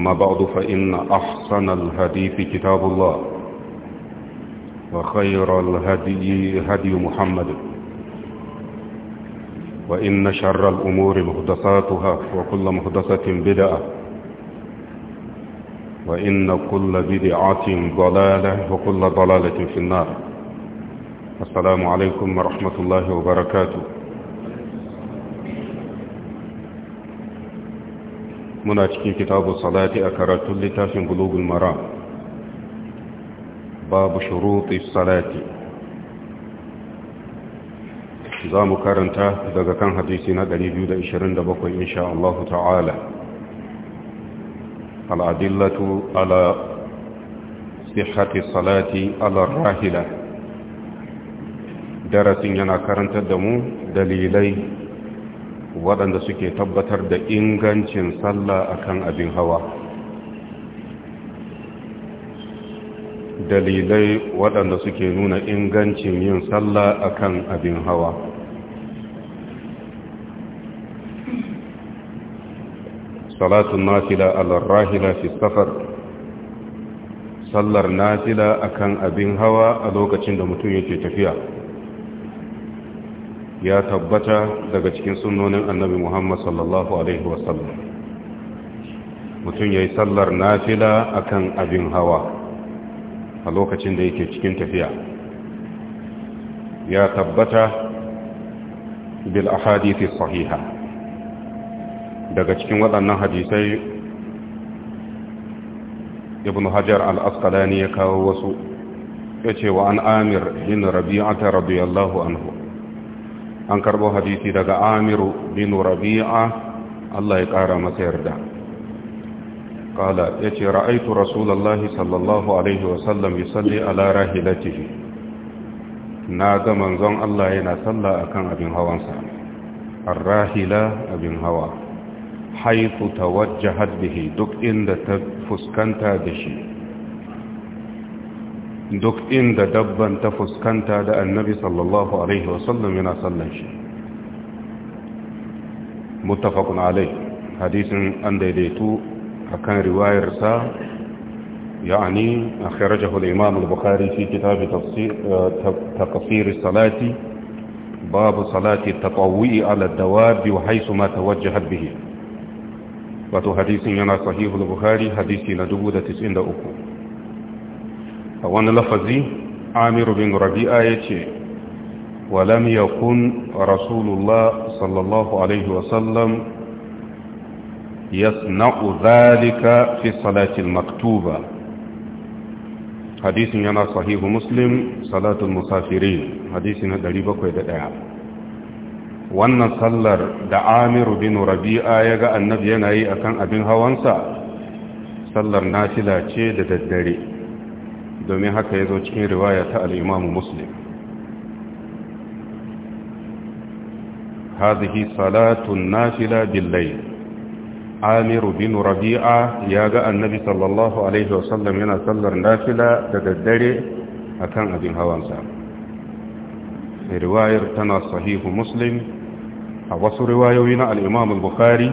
أما بعد فإن أحسن الهدي في كتاب الله وخير الهدي هدي محمد وإن شر الأمور مهدساتها وكل مهدسة بدعة وإن كل بدعة ضلالة وكل ضلالة في النار السلام عليكم ورحمة الله وبركاته muna cikin kitabu salati a karatun littafin gulogul mara babu shuruɗi salati za mu karanta daga kan hadisi na 227 insha Allah ta'ala al'adillatu ala sihhati salati ala rahila darasin yana karanta da mu dalilai waɗanda suke tabbatar da ingancin sallah akan abin hawa dalilai waɗanda suke nuna ingancin yin sallah akan abin hawa salatun nafila alarrahila fi safar sallar nafila akan abin hawa a lokacin da mutum yake tafiya ya tabbata daga cikin sunnonin annabi Muhammad sallallahu alaihi wasallam mutum yayi sallar nafila akan abin hawa a lokacin da yake cikin tafiya ya tabbata bil ahadithi sahiha daga cikin waɗannan hadisai ibn hajar al-asqalani ya kawo wasu ya ce wa an amir yin rabi'ata radiyallahu anhu an karbo hadisi daga amiru bin rabi'a Allah ya kara masa yarda kala ya ce ra'aitu rasulallah sallallahu alaihi wasallam ya salli ala rahilatihi na ga manzon Allah yana salla akan abin hawansa arrahila abin hawa haifu tawajjahat bihi duk inda ta fuskanta da shi duk inda dabban ta fuskanta da annabi sallallahu Alaihi wasallam yana sallan shi mutafakun alai hadisin an daidaitu a riwayarsa ya'ani a kharajahul imam al-bukhari fi kitab eh, salati babu salati tatawwi ala dawab wa haythu ma tawajjahat bihi wato hadisin yana sahihul bukhari hadisi na 293 a wani lafazi amiru bin rabi'a ya ce walam yakun rasulullah sallallahu alaihi wasallam yasna'u zalika fi salatil maktuba hadisin yana sahihu muslim salatul musafirin hadisi na 701 wannan sallar da amiru bin rabi'a ya ga annabi yana yi akan abin hawansa sallar nafila ce da daddare domin haka ya zo cikin riwaya ta al'imamu muslim hazihi salatun nafila billai amiru bin rabi'a ya ga annabi sallallahu alaihi wasallam yana sallar nafila da daddare a kan abin hawansa riwayar tana sahihu muslim a wasu riwayoyi na al'imamu bukhari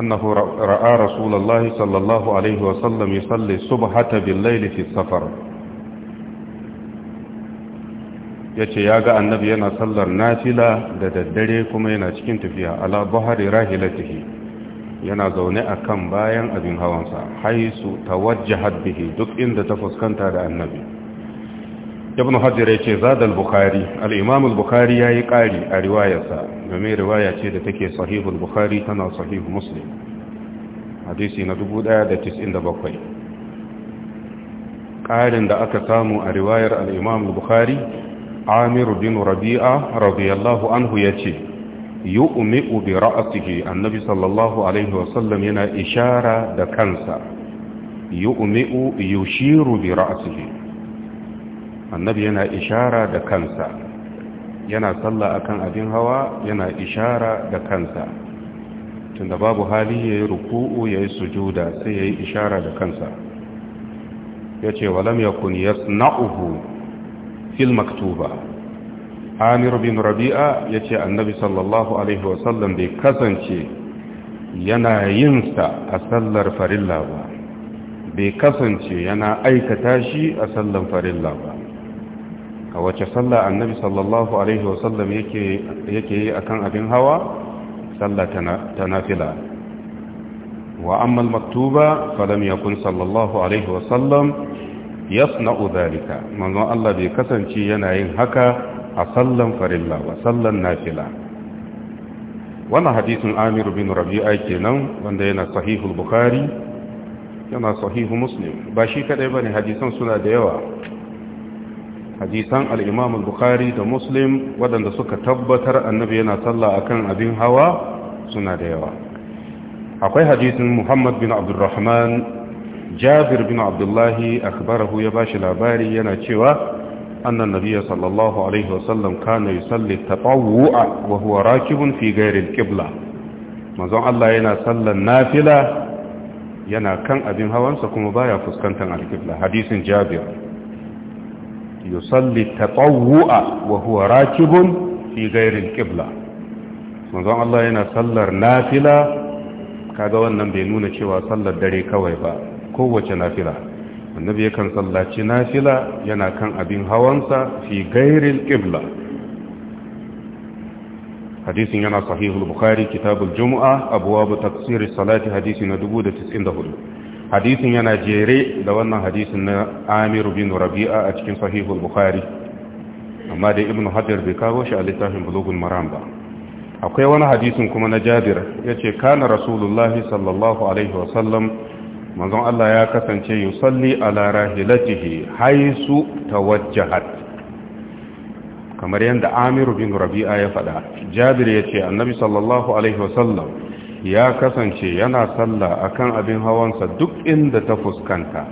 أنه رأى رسول الله صلى الله عليه وسلم يصلي الصبحة بالليل في السفر yace ya ga annabi yana sallar nafila da daddare kuma yana cikin tafiya ala buhari rahilatihi yana zaune a kan bayan abin hawansa haisu tawajjahat bihi duk inda ta fuskanta da annabi ibn hajjar ya ce zadal Bukhari, al'imamul Bukhari ya yi ƙari a riwayarsa game riwaya ce da take sahihul Bukhari tana sahihu muslim hadisi na 1097 ƙarin da aka samu a riwayar al'imamul Bukhari amiru bin rabi'a radiyallahu anhu ya ce yi umi'u bi ra'asihi annabi sallallahu alaihi wasallam yana ishara da kansa yi umi'u yushiru bi ra'asihi annabi yana ishara da kansa yana sallah akan abin hawa yana ishara da kansa tunda babu hali ya yi ruku'u ya yi sujuda sai ya yi ishara da kansa ya ce walam ya kun yasna'uhu fil maktuba amir bin rabi'a ya ce annabi sallallahu alaihi wasallam bai kasance yana yinsa a sallar farilla ba bai kasance yana aikata shi a sallar farilla ba a wace sallah annabi sallallahu alaihi wasallam yake yi akan abin hawa sallah ta nafila wa amma maktuba falam yakun sallallahu alaihi wasallam yasna'u dhalika manzon Allah bai kasance yana yin haka a sallan farilla wa sallan nafila wannan hadisin Amir bin Rabi'a kenan wanda yana sahihul Bukhari yana sahihu Muslim ba shi kadai bane hadisan suna da yawa hadisan al-imam al-bukhari da muslim waɗanda suka tabbatar annabi yana sallah akan abin hawa suna da yawa akwai hadisin muhammad bin abdulrahman jabir bin abdullahi akbarahu ya bashi labari yana cewa annan nabiya sallallahu alaihi wasallam kana yusalli tatawwu'a wa huwa rakibun fi ghairi al-qibla manzon Allah yana sallan nafila yana kan abin hawansa kuma baya fuskantar alƙibla hadisin jabir yusalli tatawwu'a wa huwa rakibun fi ghairil qibla manzon Allah yana sallar nafila kaga wannan bai nuna cewa sallar dare kawai ba kowace nafila annabi yakan sallaci nafila yana kan abin hawansa fi ghairil qibla hadisin yana sahihul bukhari kitabul jumu'a abwaab tafsir salati hadisi na 294 hadisin yana jere da wannan hadisin na amir bin rabi'a a cikin sahihul bukhari amma da ibn hajar bai kawo shi a littafin bulugun maram ba akwai wani hadisin kuma na jabir ya ce kana rasulullahi sallallahu alaihi wasallam manzon Allah ya kasance yusalli ala rahilatihi haisu tawajjahat kamar yadda amir bin rabi'a ya faɗa jabir ya ce annabi sallallahu alaihi wasallam ya kasance yana sallah akan abin hawansa duk inda ta fuskanta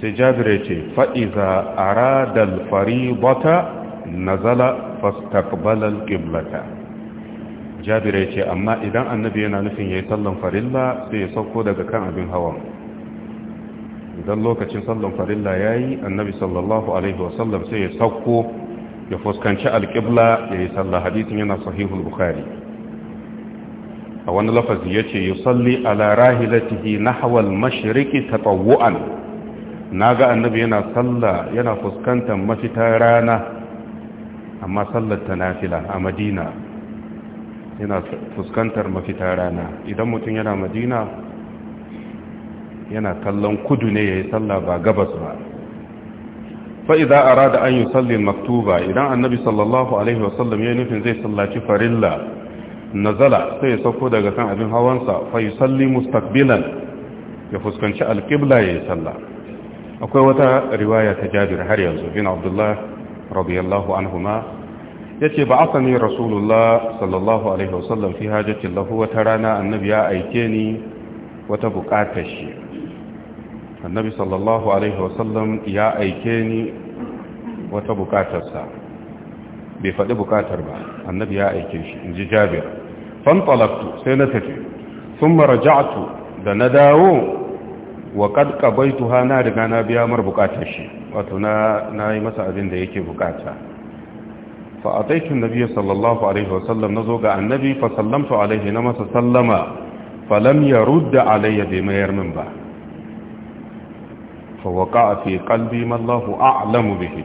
sai jabir ce fa'iza aradal faribata nazala fastaqbalal qiblata jabir ce amma idan annabi yana nufin yi sallan farilla sai ya sauko daga kan abin hawan idan lokacin sallan farilla yayi annabi sallallahu alaihi wasallam sai ya sauko ya fuskanci ya yi sallah hadisin yana sahihul bukhari a wani lafazi ya ce yusalli ala rahilatihi nahwal mashriqi tatawwu'an ga annabi yana salla yana fuskantar mafitar rana amma sallar ta nafila a madina yana fuskantar mafitar rana idan mutum yana madina yana kallon kudu ne ya yi salla ba gabas ba fa'iza a rada an yi sallin maktuba idan annabi sallallahu alaihi wasallam ya nufin zai sallaci farilla nazala sai ya sauko daga kan abin hawansa fa salli mustaqbilan ya fuskanci alqibla ya salla akwai wata riwaya ta Jabir har yanzu bin Abdullah radiyallahu anhuma yace ba asani rasulullah sallallahu alaihi wasallam fi hajati lahu wata rana annabi ya aike ni wata bukatar shi annabi sallallahu alaihi wasallam ya aike ni wata bukatarsa bai faɗi bukatar ba annabi ya aike shi in ji jabir fantalaktu sai na tafi sun maraja'tu da na dawo wa kad ha na riga na biya mar bukatar shi wato na yi masa abin da yake bukata fa ataitu nabiyyi sallallahu alaihi wasallam zo ga annabi fa sallamtu alaihi na masa sallama fa lam yurd alayya bi mayar min ba fa waqa fi qalbi ma a'lamu bihi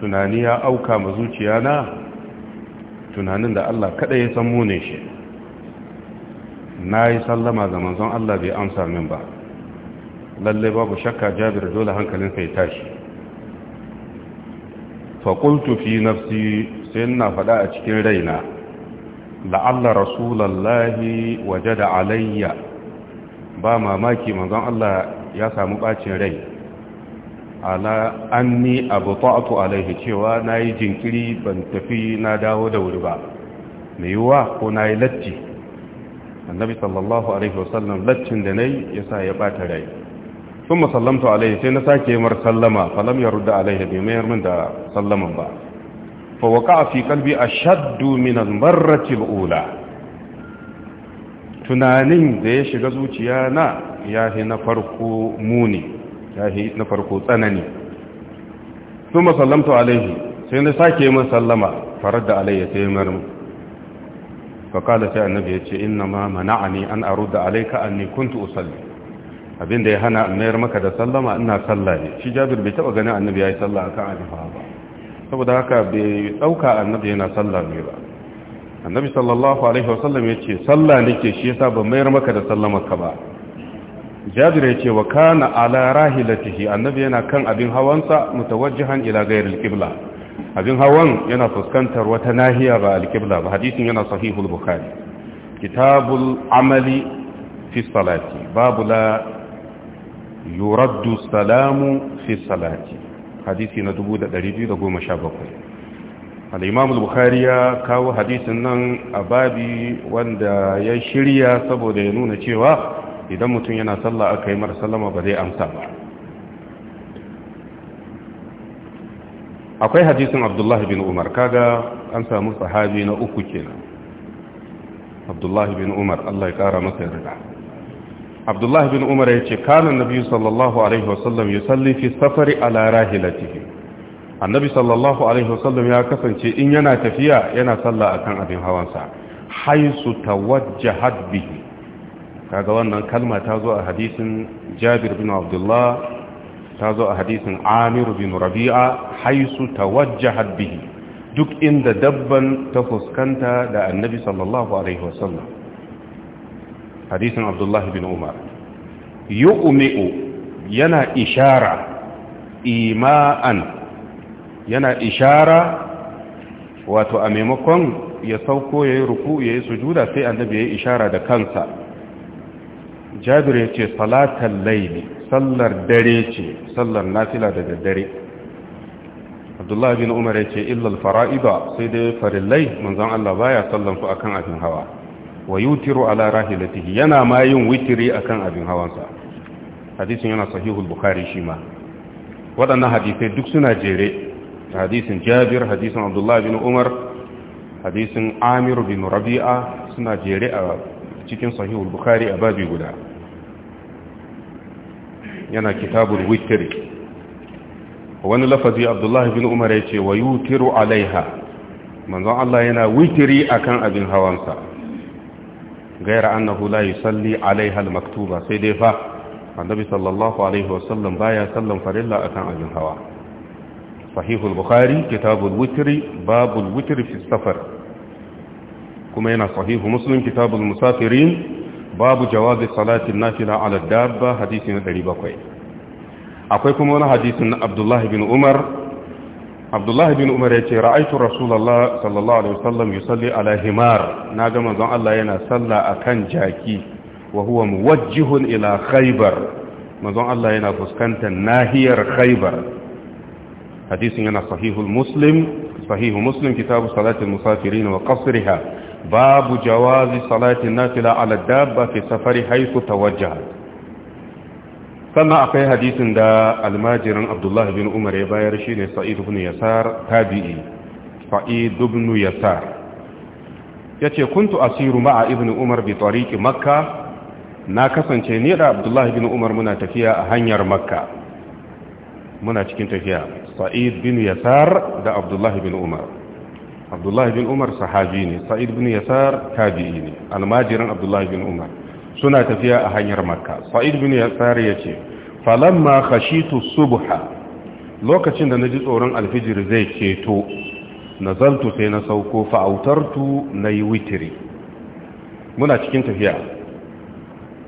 tunani ya auka ma zuciya na. tunanin da Allah kaɗai ya san mune shi na yi sallama ga manzon Allah bai amsa min ba lalle babu shakka jabir dole hankalin ya tashi faƙultu fi nafsi sai na faɗa a cikin raina la'alla rasulallahi waje da alayya ba mamaki manzon Allah ya samu ɓacin rai ala anni abta'tu alaihi cewa nayi jinkiri ban tafi na dawo da wuri ba me ko nayi latti annabi sallallahu alaihi wasallam lattin da nayi yasa ya bata rai kuma sallamtu alaihi sai na sake mar sallama falam yarda alaihi bi mayar min da sallaman ba fa waqa'a fi qalbi ashaddu min al-marrati al-ula tunanin da ya shiga zuciya na yahi na farko muni tahi na farko tsanani sun masallamtu alaihi sai na sake yi masallama farar da alaiya sai marin faƙada sai annabi ya ce ina ma ne an aru da alaika an ne kuntu usalli abinda ya hana mayar maka da sallama ina salla ne shi jabir bai taɓa ganin annabi ya yi salla a kan alifa ba saboda haka bai ɗauka annabi yana salla ne ba annabi sallallahu alaihi wasallam ya ce salla ke shi yasa ban mayar maka da sallamar ka ba jabir ya ce wa kana ala rahilatihi annabi yana kan abin hawansa mutawajjihan ila ghayril qibla abin hawan yana fuskantar wata nahiya ba al-qibla ba hadisin yana sahihul bukhari kitabul amali fi salati babu la yuraddu salamu fi salati hadisi na 2217 al-imam al-bukhari ya kawo hadisin nan a babi wanda ya shirya saboda ya nuna cewa idan mutum yana sallah aka yi mar sallama ba zai amsa ba akwai hadisin abdullahi bin umar kaga an samu sahabi na uku kenan abdullahi bin umar Allah ya kara masa yarda abdullahi bin umar ya ce kanan nabi sallallahu alaihi wasallam ya salli fi safari ala rahilatihi annabi sallallahu alaihi wasallam ya kasance in yana tafiya yana salla akan abin hawansa haisu tawajjahat bihi kaga wannan kalma ta zo a hadisin jabir bin abdullah ta zo a hadisin amir bin rabi'a haisu tawajjahat bihi duk inda dabban ta fuskanta da annabi sallallahu alaihi wasallam hadisin abdullah bin umar yu'mi'u yana ishara ima'an yana ishara wato a maimakon ya sauko ya yi ruku ya yi sujuda sai annabi ya yi ishara da kansa jabir ya ce salatan laili sallar dare ce sallar nafila da daddare abdullahi bin umar ya ce illal fara'ida sai dai farillai manzon Allah baya sallan ku akan abin hawa wa yutiru ala rahilatihi yana ma yin witiri akan abin hawansa hadisin yana sahihul bukhari shi ma waɗannan hadisai duk suna jere hadisin jabir hadisin abdullahi bin umar hadisin amir bin rabi'a suna jere a cikin sahihul bukhari a babi guda yana kitabul witr wani lafazi abdullahi bin umar ya ce wa yutiru alaiha manzon Allah yana witiri akan abin hawansa gaira annahu la yusalli alaiha almaktuba sai dai fa annabi sallallahu alaihi wasallam baya sallan farilla akan abin hawa sahihul bukhari kitabul witri babul witri fi safar kuma yana sahihu muslim kitabul musafirin باب جواز صلاة النافلة على الدابة حديث غريب أقوي أقويكم هنا حديث عبد الله بن عمر عبد الله بن عمر يتي رأيت رسول الله صلى الله عليه وسلم يصلي على همار ناقم أن الله ينا صلى أكن جاكي وهو موجه إلى خيبر مظن الله ينا فسكنت ناهير خيبر حديث ينا صحيح المسلم صحيح مسلم كتاب صلاة المسافرين وقصرها babu jawazi salatin nafila ala dabba fi safari haisu tawajja sannan akwai hadisin da almajirin abdullah bin umar ya bayar shine sa'id ibn yasar tabi'i sa'id ibn yace kuntu asiru ma'a ibn umar bi tariqi makka na kasance ni da abdullah bin umar muna tafiya a hanyar makka muna cikin tafiya sa'id bin yasar da abdullah bin umar abdullahi bin umar sahabi ne sa'id bin yasar tabi'i ne almajirin abdullahi bin umar suna tafiya a hanyar makka sa'id bin yasar ya ce falamma khashitu subha lokacin da naji tsoron alfijir zai ceto nazaltu sai na sauko fa'autartu nayi witiri muna cikin tafiya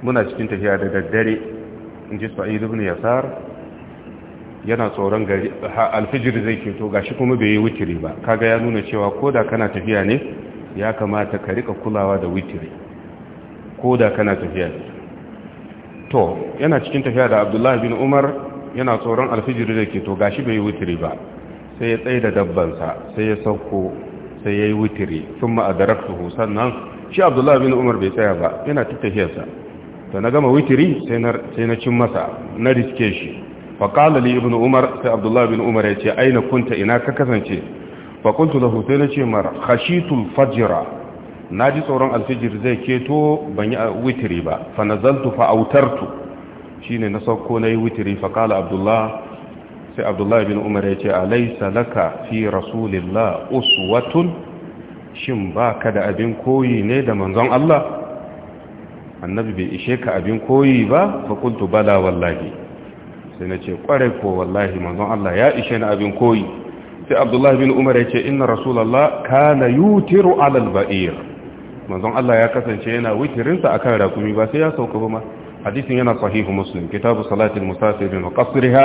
muna cikin tafiya da daddare inji sa'id bin yasar yana tsoron gari alfijir zai keto gashi kuma bai yi witiri ba kaga ya nuna cewa koda kana tafiya ne ya kamata ka rika kulawa da witiri koda kana tafiya ne to yana cikin tafiya da abdullahi bin umar yana tsoron alfijir zai keto gashi bai yi witiri ba sai ya tsaye da dabbansa sai ya sauko sai ya yi witiri sun ma'adaraktuhu sannan shi abdullahi bin umar bai tsaya ba yana ta tafiyarsa da na gama witiri sai na cin masa na riske shi faƙala li umar sai abdullahi bin umar ya ce aina kunta ina ka kasance faƙuntu da hutu na ce mara khashitul fajira na ji tsoron alfijir zai keto ban yi witiri ba fa nazaltu fa autartu shine na sauko na yi witiri faƙala abdullahi sai abdullahi bin umar ya ce alaisa laka fi rasulillah uswatun shin ba ka da abin koyi ne da manzon Allah annabi bai ishe ka abin koyi ba fakultu bala wallahi sai na ce kwarai ko wallahi manzon Allah ya ishe ni abin koyi sai abdullahi bin umar ya ce inna rasulallah kana yutiru alal ba'ir manzon Allah ya kasance yana witirinsa akan rakumi ba sai ya sauka ba ma hadisin yana sahihu muslim kitabu salatil musafirin wa qasriha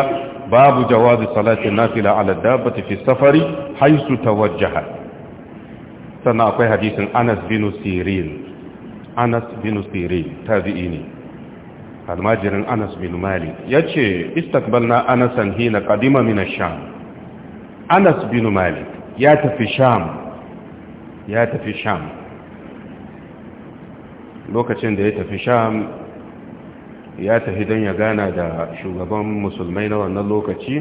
babu jawazi salatin nafila ala dabbati fi safari haythu tawajjaha sannan akwai hadisin Anas bin Sirin Anas bin Sirin tabi'i ne almajirin anas bin malik ya ce na anasan hina kadima mina sham anas bin malik ya tafi sham ya tafi sham lokacin da ya tafi sham ya tafi don ya gana da shugaban musulmai na wannan lokaci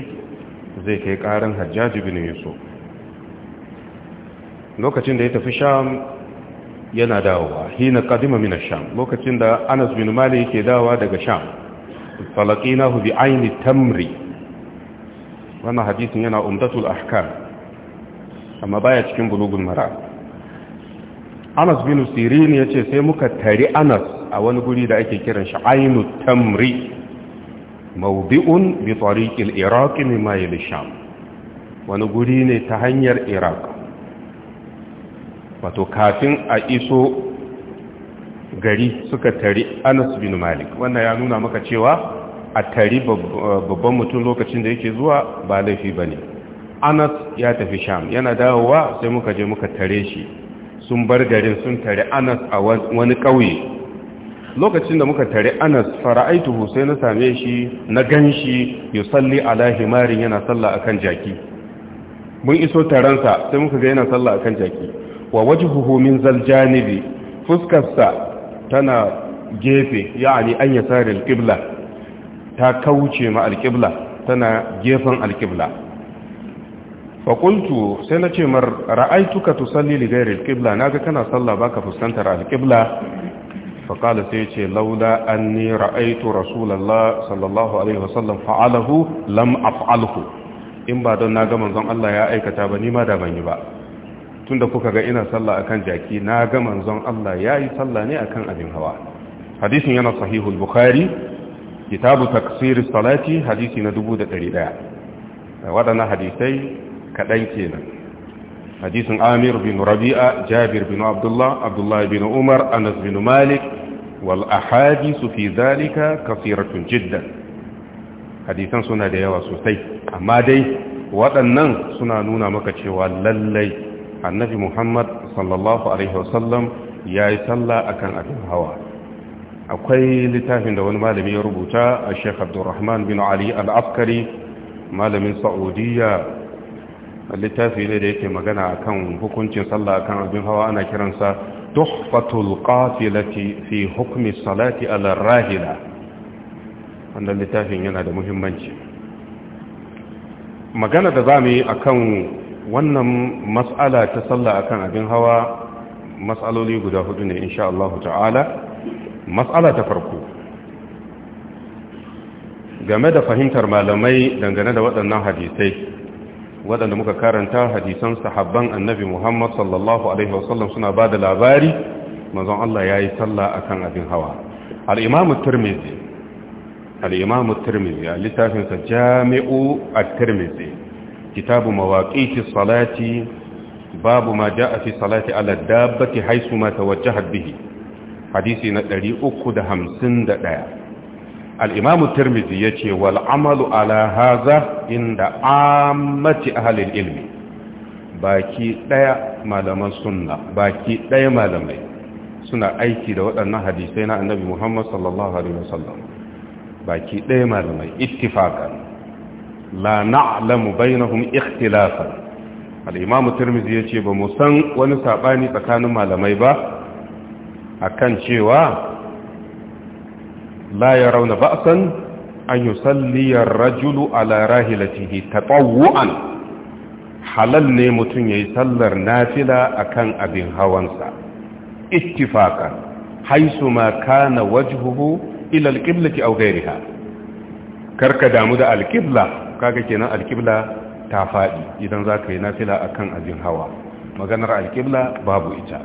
zai kai karin hajjaji bin yusuf lokacin da ya tafi sham yana dawowa hina qadima min ash-sham lokacin da Anas bin Malik yake dawowa daga Sham falaqinahu bi aini tamri wannan hadisin yana umdatul ahkam amma baya cikin bulugul mara Anas bin Sirin yace sai muka tari Anas a wani guri da ake kiran shi ainu tamri mawdi'un bi tariqil iraq mimma yal sham wani guri ne ta hanyar iraq wato kafin a iso gari suka tari anas bin malik wannan ya nuna maka cewa a tari babban mutum lokacin da yake zuwa ba laifi ba ne anas ya tafi sham yana dawowa sai muka je muka tare shi sun bar garin sun tare anas a wani ƙauye lokacin da muka tare anas fara'aituhu sai na same shi na gan shi salli alahi marin yana sallah akan jaki mun iso taransa sai muka ga yana sallah akan jaki wa wajhuhu min zaljanibi fuskarsa tana gefe yani an yasari alqibla ta kauce ma alqibla tana gefen alqibla fa qultu sai nace mar ra'aituka tusalli li ghairi alqibla naga kana sallah baka fuskantar alqibla fa qala sai ce laula anni ra'aitu rasulullah sallallahu alaihi wasallam fa'alahu lam af'alhu in ba don naga manzon Allah ya aikata ba ni ma da ban yi ba tunda kuka ga ina sallah akan jaki na ga manzon Allah yayi sallah ne akan abin hawa hadisin yana sahihul bukhari kitabu taksir salati hadisi na 1100 Wadana hadisai kadan kenan hadisin Amir bin Rabi'a Jabir bin Abdullah Abdullah bin Umar Anas bin Malik wal ahadith fi zalika kathiratun jiddan hadisan suna da yawa sosai amma dai waɗannan suna nuna maka cewa lallai annabi muhammad sallallahu alaihi wasallam ya yi sallah akan abin hawa akwai littafin da wani malami ya rubuta a sheikh abdurrahman bin ali al'afkari malamin sa'udiyya littafi ne da yake magana akan hukuncin sallah akan abin hawa ana kiransa tuhfatul qafilati fi hukmi salati ala rahila wannan littafin yana da muhimmanci magana da zamu yi akan wannan mas'ala ta sallah akan abin hawa mas'aloli guda hudu ne insha Allah ta'ala mas'ala ta farko game da fahimtar malamai dangane da waɗannan hadisai waɗanda muka karanta hadisan sahabban annabi Muhammad sallallahu alaihi wasallam suna ba da labari manzon Allah ya yi sallah akan abin hawa al-imamu tirmidhi al a littafinsa jami'u a tirmidhi kitabu mawaƙiƙi salati babu ma ja a fi salati ala dabbati haisu ma tawajjahat bihi hadisi na 351 الإمام الترمذي يتي والعمل على هذا عند عامة أهل العلم باكي دايا مالما سنة باكي دايا مالما سنة أيكي دوات أن حديثينا النبي محمد صلى الله عليه وسلم باكي دايا مالما اتفاقا mu na'lamu bainahum ikhtilafan al-imam ya yace ba mu san wani sabani tsakanin malamai ba akan cewa la yarawna ba'san an yusalli ar-rajulu ala rahilatihi halal ne mutum yayi sallar nafila akan abin hawansa ittifaqan haisu ma kana wajhuhu ila al-qiblati aw ghayriha karka damu da al kaga kenan alkibla ta faɗi idan za ka yi nafila a kan abin hawa maganar alkibla babu ita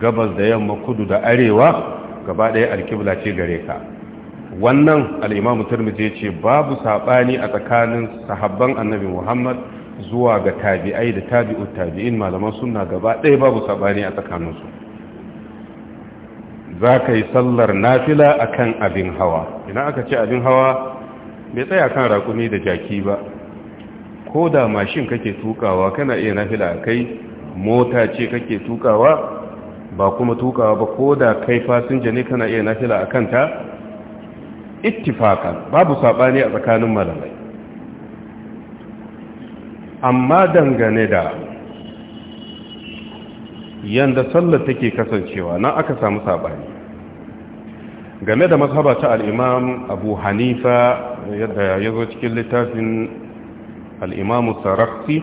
gabas da yamma kudu da arewa gaba ɗaya alkibla ce gare ka wannan al'imamu turmiji ce babu saɓani a tsakanin sahabban annabi muhammad zuwa ga tabi'ai da tabi'ut tabi'in malaman suna gaba ɗaya babu saɓani a tsakaninsu za ka yi sallar nafila a kan abin hawa idan aka ce abin hawa bai tsaya kan rakumi da jaki ba ko da mashin kake tukawa kana iya nafila a kai mota ce kake tukawa ba kuma tukawa ba ko da kai fasinja ne kana iya nafila a kanta ittifaka babu saɓani a tsakanin malamai amma dangane da yanda sallar take kasancewa na aka samu saɓani game da mazhaba ta al'imam abu hanifa yadda ya zo cikin littafin al'imamu sarafi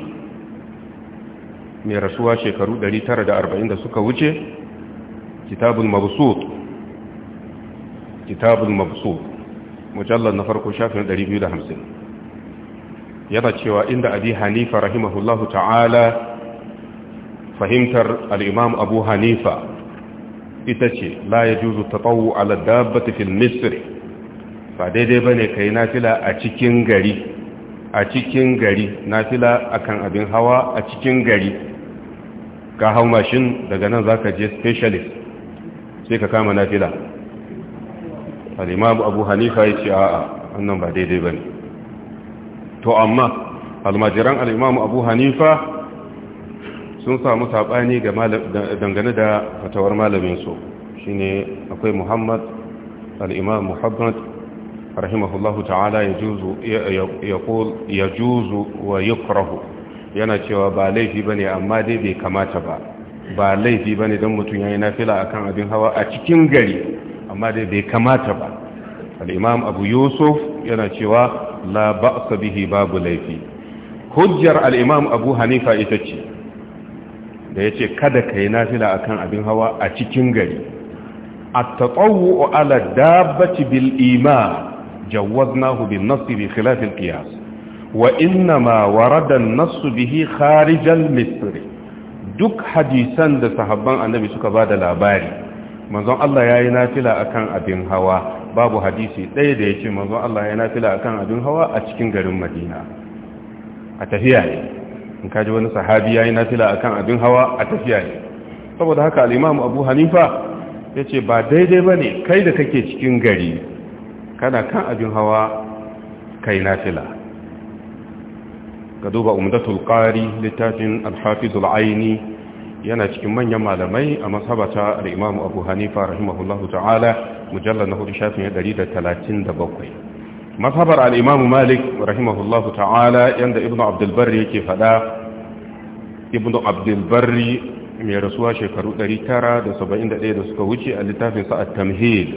mai rasuwa shekaru 940 da suka wuce kitabun mabsut kitabun mabsut mujallar na farko shafin 250 yana cewa inda abi hanifa rahimahullahu ta'ala fahimtar al'imam abu hanifa ita ce la ya juzu ta tsawo ala dabbata fil misri ba daidai ba ne ka yi nafila a cikin gari a cikin gari nafila akan abin hawa a cikin gari ka hau mashin daga nan za ka je specialist sai ka kama nafila al'imamu abu hanifa ya ce a'a wannan ba daidai ba ne to amma almajiran al'imamu abu hanifa sun samu saɓani dangane da fatawar malaminsu shi ne akwai muhammad al'imam muhammad rahimahullahu ta'ala ya juzu wa yukrahu yana cewa ba laifi ba ne amma dai bai kamata ba ba laifi ba ne don mutum ya yi nafila a kan abin hawa a cikin gari amma dai bai kamata ba al'imam abu yusuf yana cewa la ba'sa bihi babu laifi hujjar al'imam abu hanifa ita ce da ya ce kada ka yi nafila a kan abin hawa a cikin gari a taɓawo ala dabbaci bil ima jawaz nahu bin nasu bi khilafin kiyas wa inna ma waradan nasu bihi kharijan misri duk hadisan da sahabban annabi suka ba da labari manzon Allah ya yi nafila a kan abin hawa babu hadisi ɗaya da ya ce manzon Allah ya yi nafila a kan abin hawa a cikin garin madina a tafiya ne in kaji wani sahabi yayi nafila akan abin hawa a tafiya ne saboda haka al Abu Hanifa yace ba daidai ba ne kai da kake cikin gari kana kan abin hawa kai nafila ka duba umdatul qari littafin al aini yana cikin manyan malamai a masabata al-Imam Abu Hanifa rahimahullahu ta'ala mujallar na hudu shafin 137 masabar al'imamu malik rahimahullahu ta'ala yadda ibn abdulbari yake fada ibn abdulbari mai rasuwa shekaru 971 da suka wuce a littafin sa'ad tamhid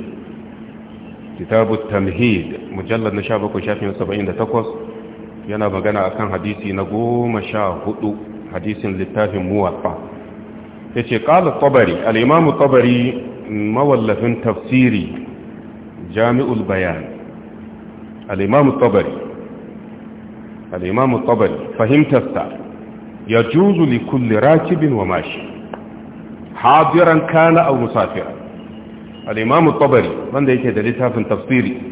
kitabu tamhid mujallar na 17 shafin 78 yana magana a kan hadisi na 14 hadisin littafin muwafa ya ce ƙalar tabari al'imamu tabari mawallafin tafsiri jami'ul bayan al'imamu tabari al'imamu tabari ya juzu li rakibin wa mashi hadiran kana aw musafiran al'imamu tabari wanda yake da littafin tafsiri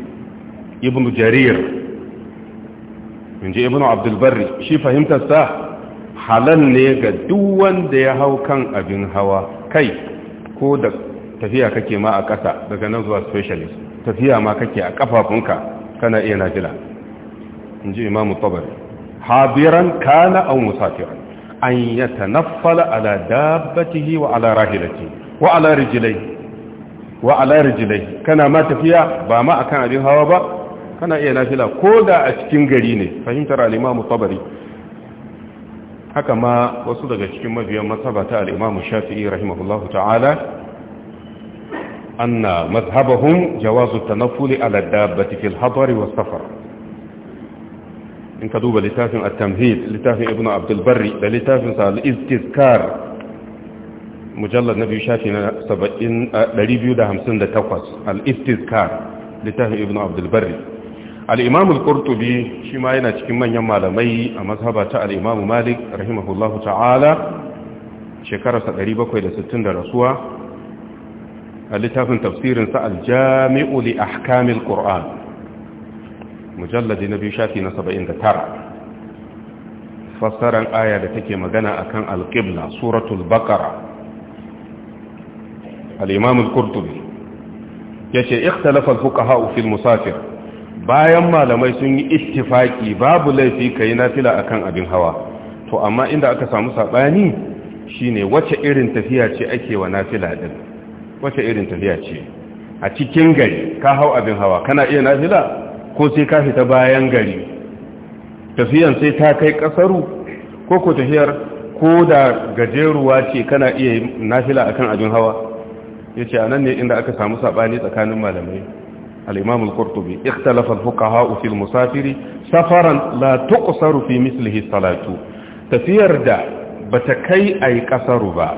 ibn jarir in ji ibn abdulbari shi fahimtarsa halal ne ga duk wanda ya hau kan abin hawa kai ko da tafiya kake ma a kasa daga nan zuwa specialist tafiya ma kake a ƙafafunka kana iya nafila in ji imamu tabari habiran kana an musafiran an ta tanaffala ala dabbatihi wa ala rahilati wa ala rijilai wa ala rijilai kana ma tafiya ba ma akan abin hawa ba kana iya nafila ko da a cikin gari ne fahimtar al'imamu tabari haka ma wasu daga cikin mabiyan masaba ta al'imamu shafi'i rahimahullahu ta'ala أن مذهبهم جواز التنفل على الدابة في الحضر والسفر إن كدوب لتافن التمهيد لتافن ابن عبد البري لتافن الاذكار مجلد نبي شافنا سبعين لريبيو دهم همسن ده تقص الاذكار لتافن ابن عبد البري الإمام القرطبي شما ينا من يما لمي مذهبة الإمام مالك رحمه الله تعالى شكرا سقريبا كويدا ستين رسوله a littafin tafsirin sa jamiu li ahkamil ƙur'an, mujalladi na biyu shafi na 79 fassaran aya da take magana akan al-qibla suratul bakara al-imam al-qurtubi yace ikhtalafa al-fuqaha musafir bayan malamai sun yi ittifaki babu laifi yi nafila akan abin hawa to amma inda aka samu saɓani, shine wace irin tafiya ce ake wa nafila din wata irin tafiya ce a cikin gari ka hau abin hawa kana iya nafila ko sai ka fita bayan gari tafiyan sai ta kai kasaru ko ko tafiyar ko da gajeruwa ce kana iya nafila akan abin hawa yace nan ne inda aka samu saɓani tsakanin malamai al-imam al-qurtubi ikhtalafa al-fuqaha musafiri safaran la tuqsaru fi misli hisalatu. tafiyar da bata kai ayi ƙasaru ba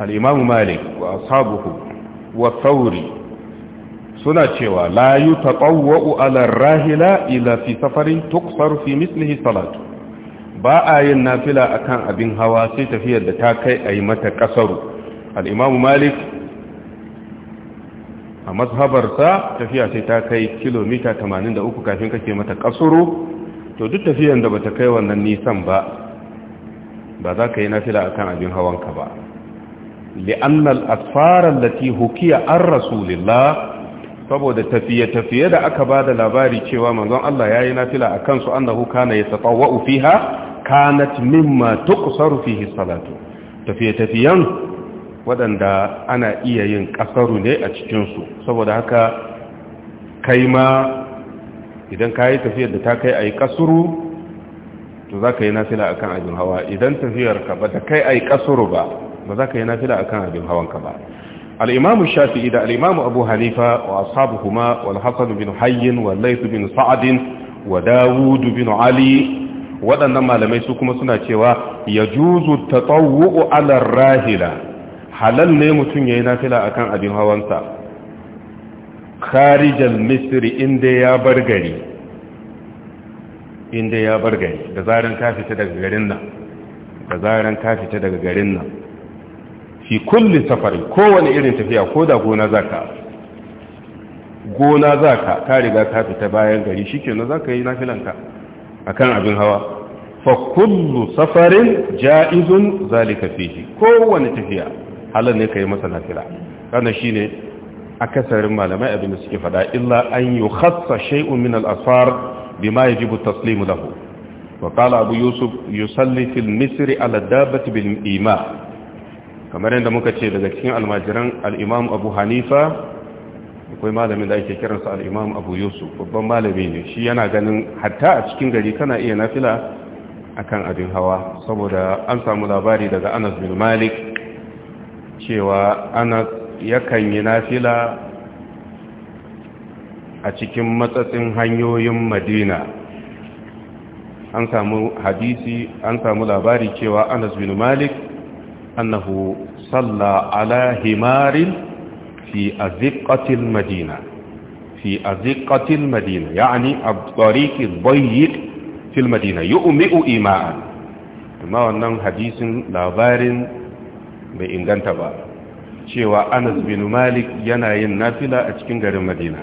al'imamu malik wa ashabuhu wa sauri suna cewa la yi taɓawa'u alar rahila ila fi safarin tuksar fi mislihi salatu ba a yin nafila akan abin hawa sai tafiyar da ta kai a yi mata ƙasaru al'imamu malik a mazhabarsa tafiya sai ta kai kilomita 83 kafin kake mata kasuru to duk tafiyar da bata kai wannan nisan ba ba za ka yi nafila akan abin hawanka ba لأن الأسفار التي هكي عن رسول الله saboda tafiye-tafiye da aka ba da labari cewa manzon Allah ya yi nafila a kansu annahu kana ya taɓawa fiha kanat mimma tuqsaru fihi salatu tafiye-tafiyen waɗanda ana iya yin ƙasaru ne a cikinsu saboda haka kai ma idan ka tafiyar da ta kai a yi to za ka yi nafila a kan abin hawa idan tafiyar ka ba kai ayi yi ba ba za ka yi nafila kan abin hawanka ba al shafi'i da al abu hanifa wa huma wal hasan bin hayyin wal bin sa'adin wa dawud bin ali waɗannan malamai su kuma suna cewa yajuzu tatawwu alar rahila halal ne mutum ya yi nafila akan abin hawansa kharijal misri inda ya bar gari inda ya bar gari da zaran ka fita daga garin nan da zaran ka fita daga garin nan fi kullum safari kowane irin tafiya ko da gona ka gona za ka riga ka fita bayan gari za ka yi nafilanka akan abin hawa fa kullum safarin ja'izun zalika fihi kowane tafiya halar ne ka yi masa nafila kana shine akasarin malamai abin da suke fada illa an yukhassa shay'un min al-asfar bima yajibu taslimu lahu وقال أبو يوسف يصلي في المصر على الدابة بالإيماء kamar yadda muka ce daga cikin almajiran al'imam abu hanifa akwai malamin da ake kiransa al'imam abu yusuf babban malami ne shi yana ganin hatta a cikin gari kana iya nafila kan abin hawa saboda an samu labari daga anas bin malik cewa anas yakan yi nafila a cikin matsatsin hanyoyin madina an samu hadisi an samu labari cewa anas bin malik أنه صلى على همار في أزقة المدينة في أزقة المدينة يعني الطريق الضيق في المدينة يؤمئ إيماء ما wannan hadisin labarin bai inganta ba cewa Anas bin Malik yana yin nafila a cikin garin Madina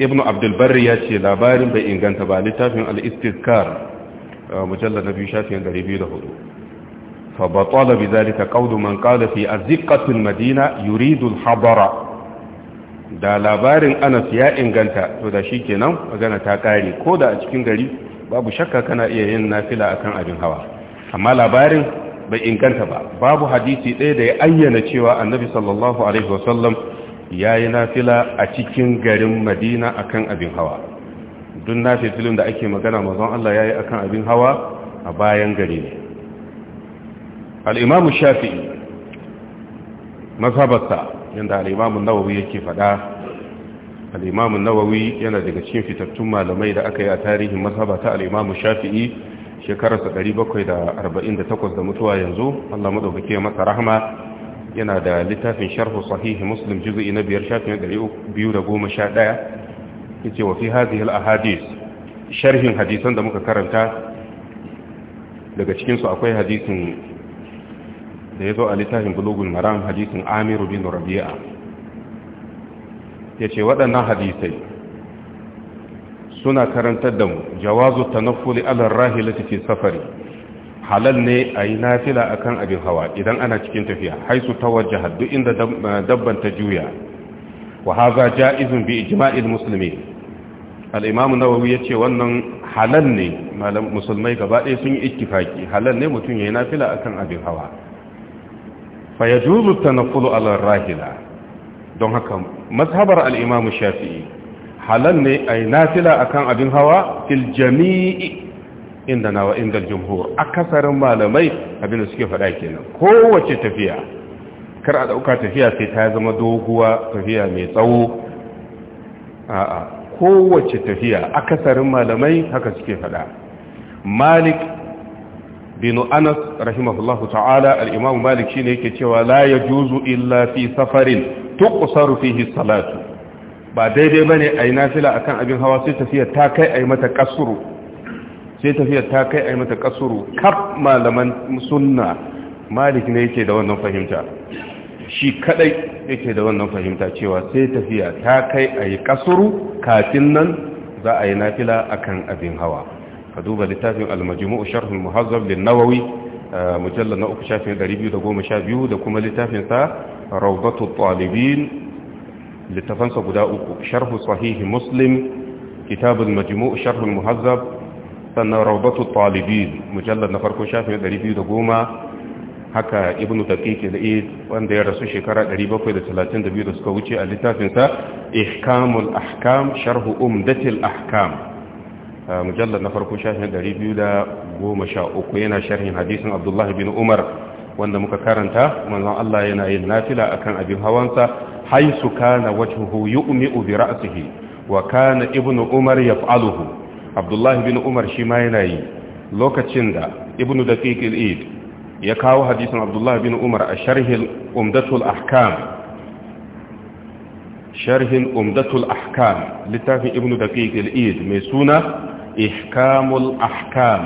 Ibn Abdul Barri ya ce labarin bai inganta ba littafin al a mujallar na biyu shafin 204 فبطل بذلك قول من قال في أزقة madina يريد habara da labarin anas ya inganta to da shi kenan magana ta kare ko da a cikin gari babu shakka kana iya yin nafila akan abin hawa amma labarin bai inganta ba babu hadisi ɗaya da ya ayyana cewa annabi sallallahu alaihi wasallam ya yi nafila a cikin garin madina akan abin hawa duk nafilin da ake magana mazan allah ya yi akan abin hawa a bayan gari al'imamu shafi'i mazhabarsa yadda al'imamu nawawi yake fada al'imamu nawawi yana daga cikin fitattun malamai da aka yi a tarihin mazhaba ta al'imamu shafi'i shekararsa 748 da mutuwa yanzu allah maɗaukake masa rahama yana da littafin sharhu sahihi muslim juzu'i na biyar shafin 211 ce wa fi hadhihi al-ahadith sharhin hadisan da muka karanta daga cikinsu akwai hadisin da ya zo a littafin bulugul maram hadisin amiru bin rabi'a ya ce waɗannan hadisai suna karantar da mu jawazu tanaffuli ala rahilati fi safari halal ne a yi nafila a kan abin hawa idan ana cikin tafiya haisu ta wajaha duk inda dabban ta juya wa haza ja'izun bi ijma'il musulmi al-imam ya yace wannan halal ne malam musulmai gaba ɗaya sun yi ittifaki halal ne mutum ya yi nafila akan abin hawa fa yajuzu tanaffulu ala rahila don haka mazhabar al-imam shafi'i halal ne ay nafila akan abin hawa fil jami'i inda na wa inda jumhur akasarin malamai abin da suke faɗa kenan kowace tafiya kar a ɗauka tafiya sai ta zama doguwa tafiya mai tsawo a'a kowace tafiya akasarin malamai haka suke faɗa malik binu anas rahimahullahu ta'ala al malik shine yake cewa la juzu illa fi safarin tuqsaru fihi salatu ba daidai bane ayi nafila akan abin hawa sai tafiyar ta kai ayi mata kasuru sai tafiyar ta kai ayi mata kasuru kaf malaman sunna malik ne yake da wannan fahimta shi kaɗai yake da wannan fahimta cewa sai tafiya ta kai ayi kasuru kafin nan za a yi nafila akan abin hawa حدوبة لتافي المجموع شرح المهذب للنووي آه، مجلد نوك شافي دريبي دقوم شافي دقوم لتافي تا روضة الطالبين لتفنص قداء شرح صحيح مسلم كتاب المجموع شرح المهذب تنا روضة الطالبين مجلد نفرق شافي دريبي دقوم haka ibnu daqiq al-eid wanda ya rasu shekara 732 da suka wuce a littafin sa ihkamul ahkam sharh umdatul ahkam mujallar na farko shafin 213 yana sharhin hadisin abdullahi bin umar wanda muka karanta manzon Allah yana yin nafila akan abin hawansa haisu kana wajhuhu yu'mi'u bi ra'sihi wa kana ibnu umar yaf'aluhu abdullahi bin umar shi ma yana yi lokacin da ibnu daqiq al ya kawo hadisin abdullahi bin umar a sharhil umdatul ahkam sharhin umdatul ahkam littafin ibnu daqiq al mai suna ihkamul ahkam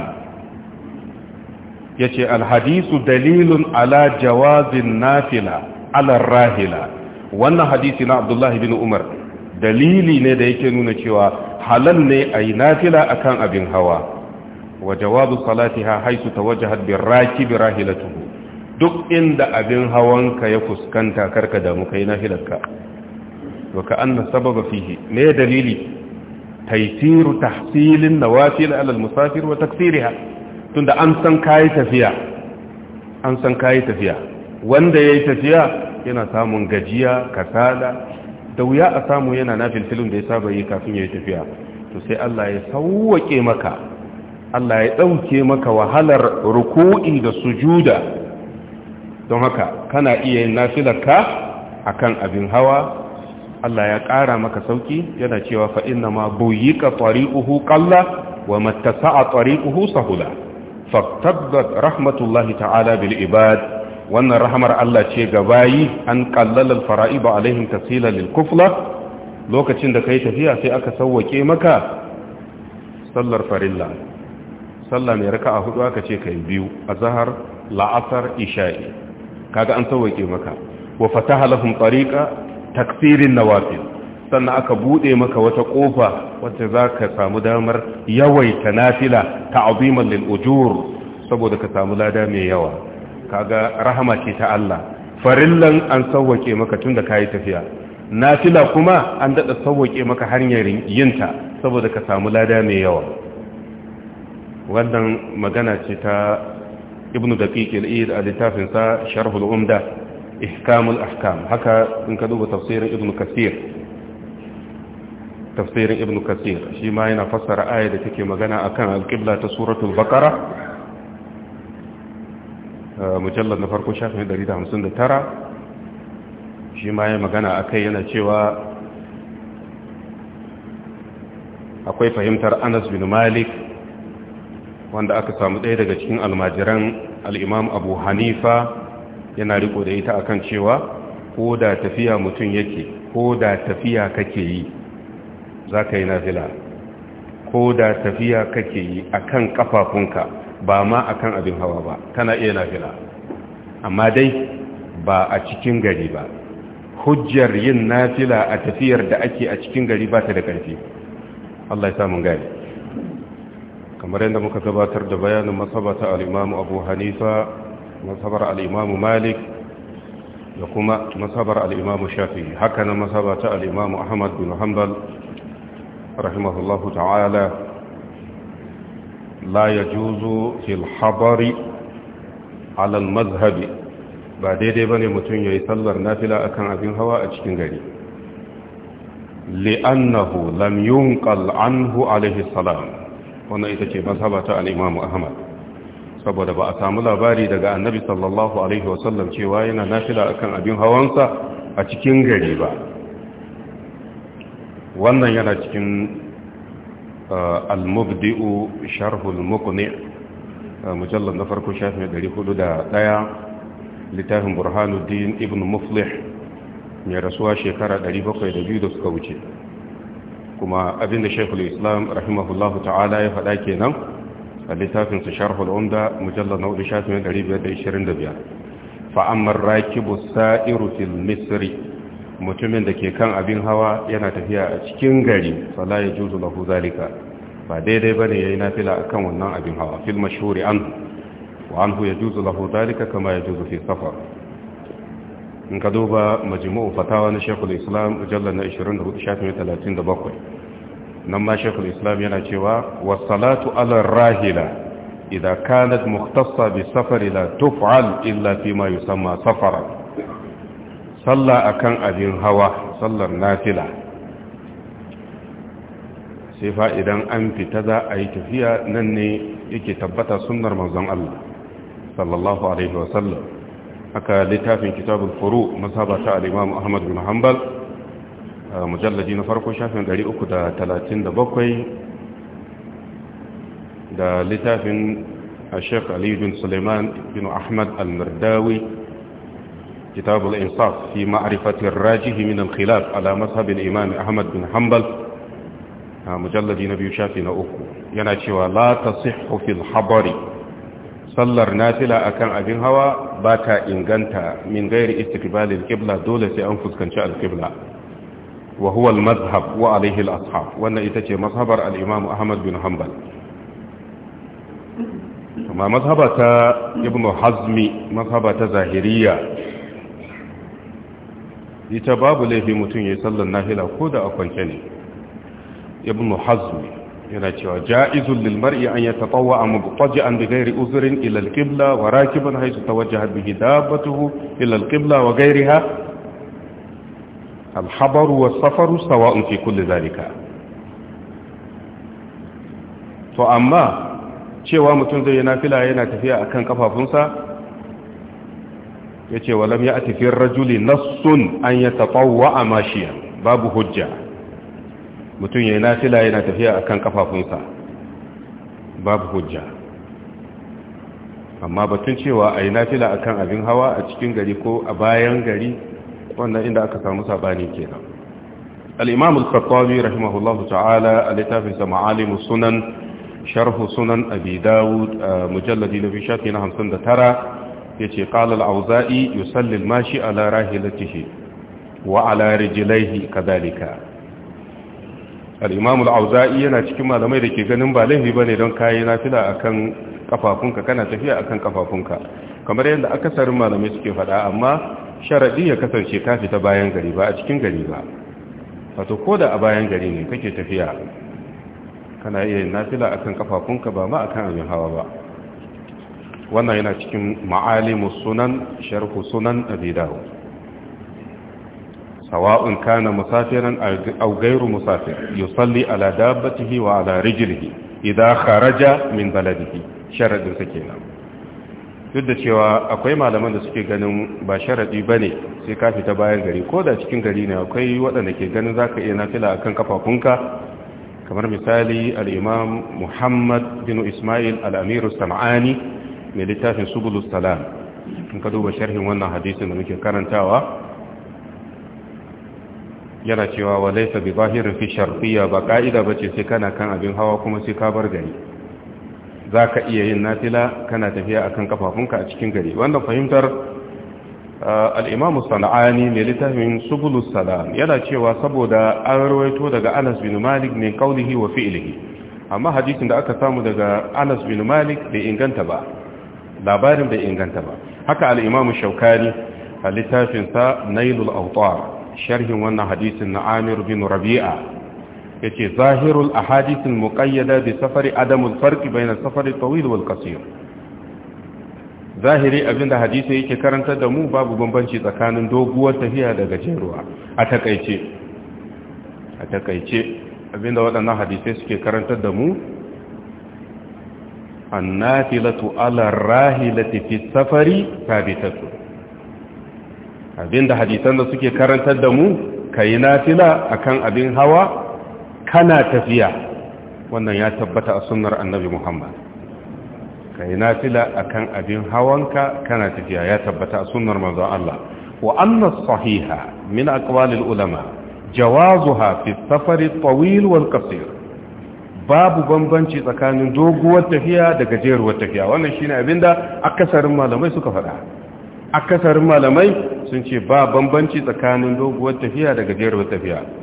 yace alhadisu dalilun ala jawazin nafila ala rahila wannan hadisi na abdullahi bin umar dalili ne da yake nuna cewa halal ne a yi nafila a kan abin hawa wa jawazu salatiha haisu ta waje biraki raki duk inda abin hawanka ya fuskanta karka damu kai nafilarka wa ka an sababa fihi ne dalili taisiru tahsilin nawafil alal musafir wa taksiriha tunda an san kayi tafiya an san kayi tafiya wanda yayi tafiya yana samun gajiya kasala da wuya a samu yana filin da ya saba yi kafin yayi tafiya to sai Allah ya sauwake maka Allah ya dauke maka wahalar ruku'i da sujuda don haka kana iya yin nafilarka akan abin hawa Allah ya ƙara maka sauki yana cewa fa inna ma buyika uhu ƙalla wa mattasa'a tariquhu sahula faktabbat rahmatullahi ta'ala bil ibad wannan rahmar Allah ce ga bayi an qallala fara'iba alaihim tasila lil kufla lokacin da kayi tafiya sai aka sauwake maka sallar farilla sallah mai a hudu aka ce kai biyu zahar la'asar isha'i kaga an sauwake maka wa fata lahum tariqa Taksirin nawafin sannan aka bude maka wata kofa wacce zaka samu damar yawaita nafila ta'ziman lil ujur saboda ka samu lada mai yawa kaga rahama ce ta Allah farillan an sauwake maka tunda kai tafiya nafila kuma an dada sauwake maka hanyar yinta saboda ka samu lada mai yawa wannan magana ce ta ibnu daqiq al a littafin sharh al-umda ihkamul ahkam haka in ka duba tafsirin ibn kasir tafsirin ibn kasir shi yana fassara aya da take magana akan alqibla ta suratul baqara uh, mujallad na farko shafin 159 shi ma yana magana akai yana cewa akwai fahimtar Anas bin Malik wanda aka samu ɗaya daga cikin almajiran al'imam Abu Hanifa yana riko da ita akan cewa ko da tafiya mutum yake ko da tafiya kake yi za ka yi nafila ko da tafiya kake yi akan kafafunka ba ma akan abin hawa ba kana iya nafila amma dai ba a cikin gari ba hujjar yin nafila a tafiyar da ake a cikin gari ba ta da ƙarfi Allah ya samun gari kamar yadda muka gabatar da bayanin masabata al-imamu abu hanifa masabar al'imamu malik da kuma masabar al'imamu shafi haka na masaba ta al'imamu ahmad bin hanbal rahimahullahu ta'ala la ya juzo alal mazhabi ba daidai ba ne mutum ya yi sallar nafila akan abin hawa a cikin gari li'annahu lam yunqal anhu alaihi wannan ita ce masaba ta al'imamu ahmad saboda ba a samu labari daga annabi sallallahu alaihi wasallam cewa yana nafila akan abin hawansa a cikin gari ba wannan yana cikin uh, al-mubdi'u al muqni uh, mujallal na farko shafin 401 littafin burhanuddin ibn muflih mai rasuwa shekara 702 da suka wuce kuma abinda shekul islam rahimahullahu ta'ala ya faɗa kenan a littafin su sharhul umda mujallal na hudu shafin 525 fa'ammar rakibu sa'iru fil misri mutumin da ke kan abin hawa yana tafiya a cikin gari fala ya juzu lahu zalika ba daidai bane yayi a kan wannan abin hawa fil mashhuri an wa anhu yajuzu lahu zalika kama yajuzu fi safar in ka duba majmu'u fatawa na Sheikhul Islam mujallar na 24 shafin 37 nan ma shekul islam yana cewa wasalatu ala rahila idan kanat muktasa bi safari la tuf'al illa fi ma yusamma safara sallah akan abin hawa sallar nafila sai fa idan an fita za a yi tafiya nan ne yake tabbata sunnar manzon Allah sallallahu alaihi wasallam aka littafin kitabul furu masabata al-imam Ahmad bin Hanbal mujallaji na farko shafin 337 da littafin a shek ali bin suleiman bin ahmad al-mardawi kitab al-insaf fi ma'arifatin rajihi min khilaf ala mashabin imam ahmad bin Hambal a mujallaji na biyu shafi na uku yana cewa la ta fil habari sallar nafila akan abin hawa ba ta inganta min gairi istikbalin kibla dole sai an fuskanci al-kibla Wahuwal huwa al-mazhab wa alayhi wannan ita ce mazhabar al-imam Ahmad bin Hanbal amma mazhaba ta Ibn Hazmi mazhaba ta Zahiriya ita babu laifi mutum yayin sallar nafila ko da a kwance ne Ibn Hazmi yana cewa ja'izul lil mar'i an yatatawwa mubtaji'an bighairi uzrin ila al-qibla wa rakiban haythu tawajjahat bihi dabbatuhu ila al-qibla wa ghayriha الحبر والسفر سواء في كل ذلك amma cewa mutum zai yana fila yana tafiya akan kafafunsa ya ce wa ya atifin rajuli nassun an ya tafawa a mashiyar, babu hujja mutum yana fila yana tafiya akan kafafunsa babu hujja amma batun cewa a yi nafila akan abin hawa a cikin gari ko a bayan gari wannan inda aka samu sabani kenan al-imam al-khattabi rahimahullahu ta'ala a littafin sa ma'alimus sunan sharh sunan abi dawud mujalladi na shafi na 59 yace qala al-auza'i yusalli al-mashi ala rahilatihi wa ala rijlaihi kadhalika al-imam al-auza'i yana cikin malamai da ke ganin ba laifi bane don kayi nafila akan kafafunka kana tafiya akan kafafunka kamar yadda akasarin malamai suke faɗa amma sharaɗi ya kasance ka fita bayan gari ba a cikin gari ba wato ko da a bayan gari ne kake tafiya kana iya yin nafila akan kafafunka ba ma akan abin hawa ba wannan yana cikin ma'alimu sunan sharhu sunan abi dawud sawa'un kana musafiran aw ghayru musafir yusalli ala dabbatihi wa ala rijlihi idan kharaja min baladihi sharaɗinsa kenan duk da cewa akwai malaman da suke ganin ba sharadi bane sai ka fita bayan gari ko da cikin gari ne akwai waɗanda ke ganin zaka iya nafila akan kafafunka kamar misali al-imam Muhammad bin Ismail al-Amir samani mai littafin Subulus Salam in ka duba sharhin wannan hadisin da muke karantawa yana cewa wa laysa bi zahirin fi sharqiyya ba ka'ida bace sai kana kan abin hawa kuma sai ka bar gari za ka iya yin nafila kana tafiya a kan kafafunka a cikin gari wannan fahimtar uh, al'imamu sana'ani mai littafin subulus salam yana cewa saboda an rawaito daga anas bin malik ne kaunihi wa fi'ilihi amma hadisin da aka samu daga anas bin malik bai inganta ba labarin bai inganta ba haka al'imamu shaukari a littafinsa nailul autar sharhin wannan hadisin na amir bin rabi'a ce zahirul a al muqayyada da safari adamun farki farq bayna safari tawil wal qasir zahiri abinda hadisi yake karantar da mu babu bambanci tsakanin doguwar tafiya da gajeruwa a takaice abinda waɗannan hadisai suke karantar da mu annafilatu ala rahilati fi safari tabitatu abinda hadisan da suke karantar da mu ka kayi nafila akan abin hawa kana tafiya wannan ya tabbata a sunnar annabi muhammad ka yi nafila a kan abin hawanka kana tafiya ya tabbata a sunnar manzon Allah wa annas sahiha min akwalil ulama jawazuha fi safari tawil wal qasir babu bambanci tsakanin doguwar tafiya da gajeruwar tafiya wannan shine abinda akasarin malamai suka faɗa akasarin malamai sun ce ba bambanci tsakanin doguwar tafiya da gajeruwar tafiya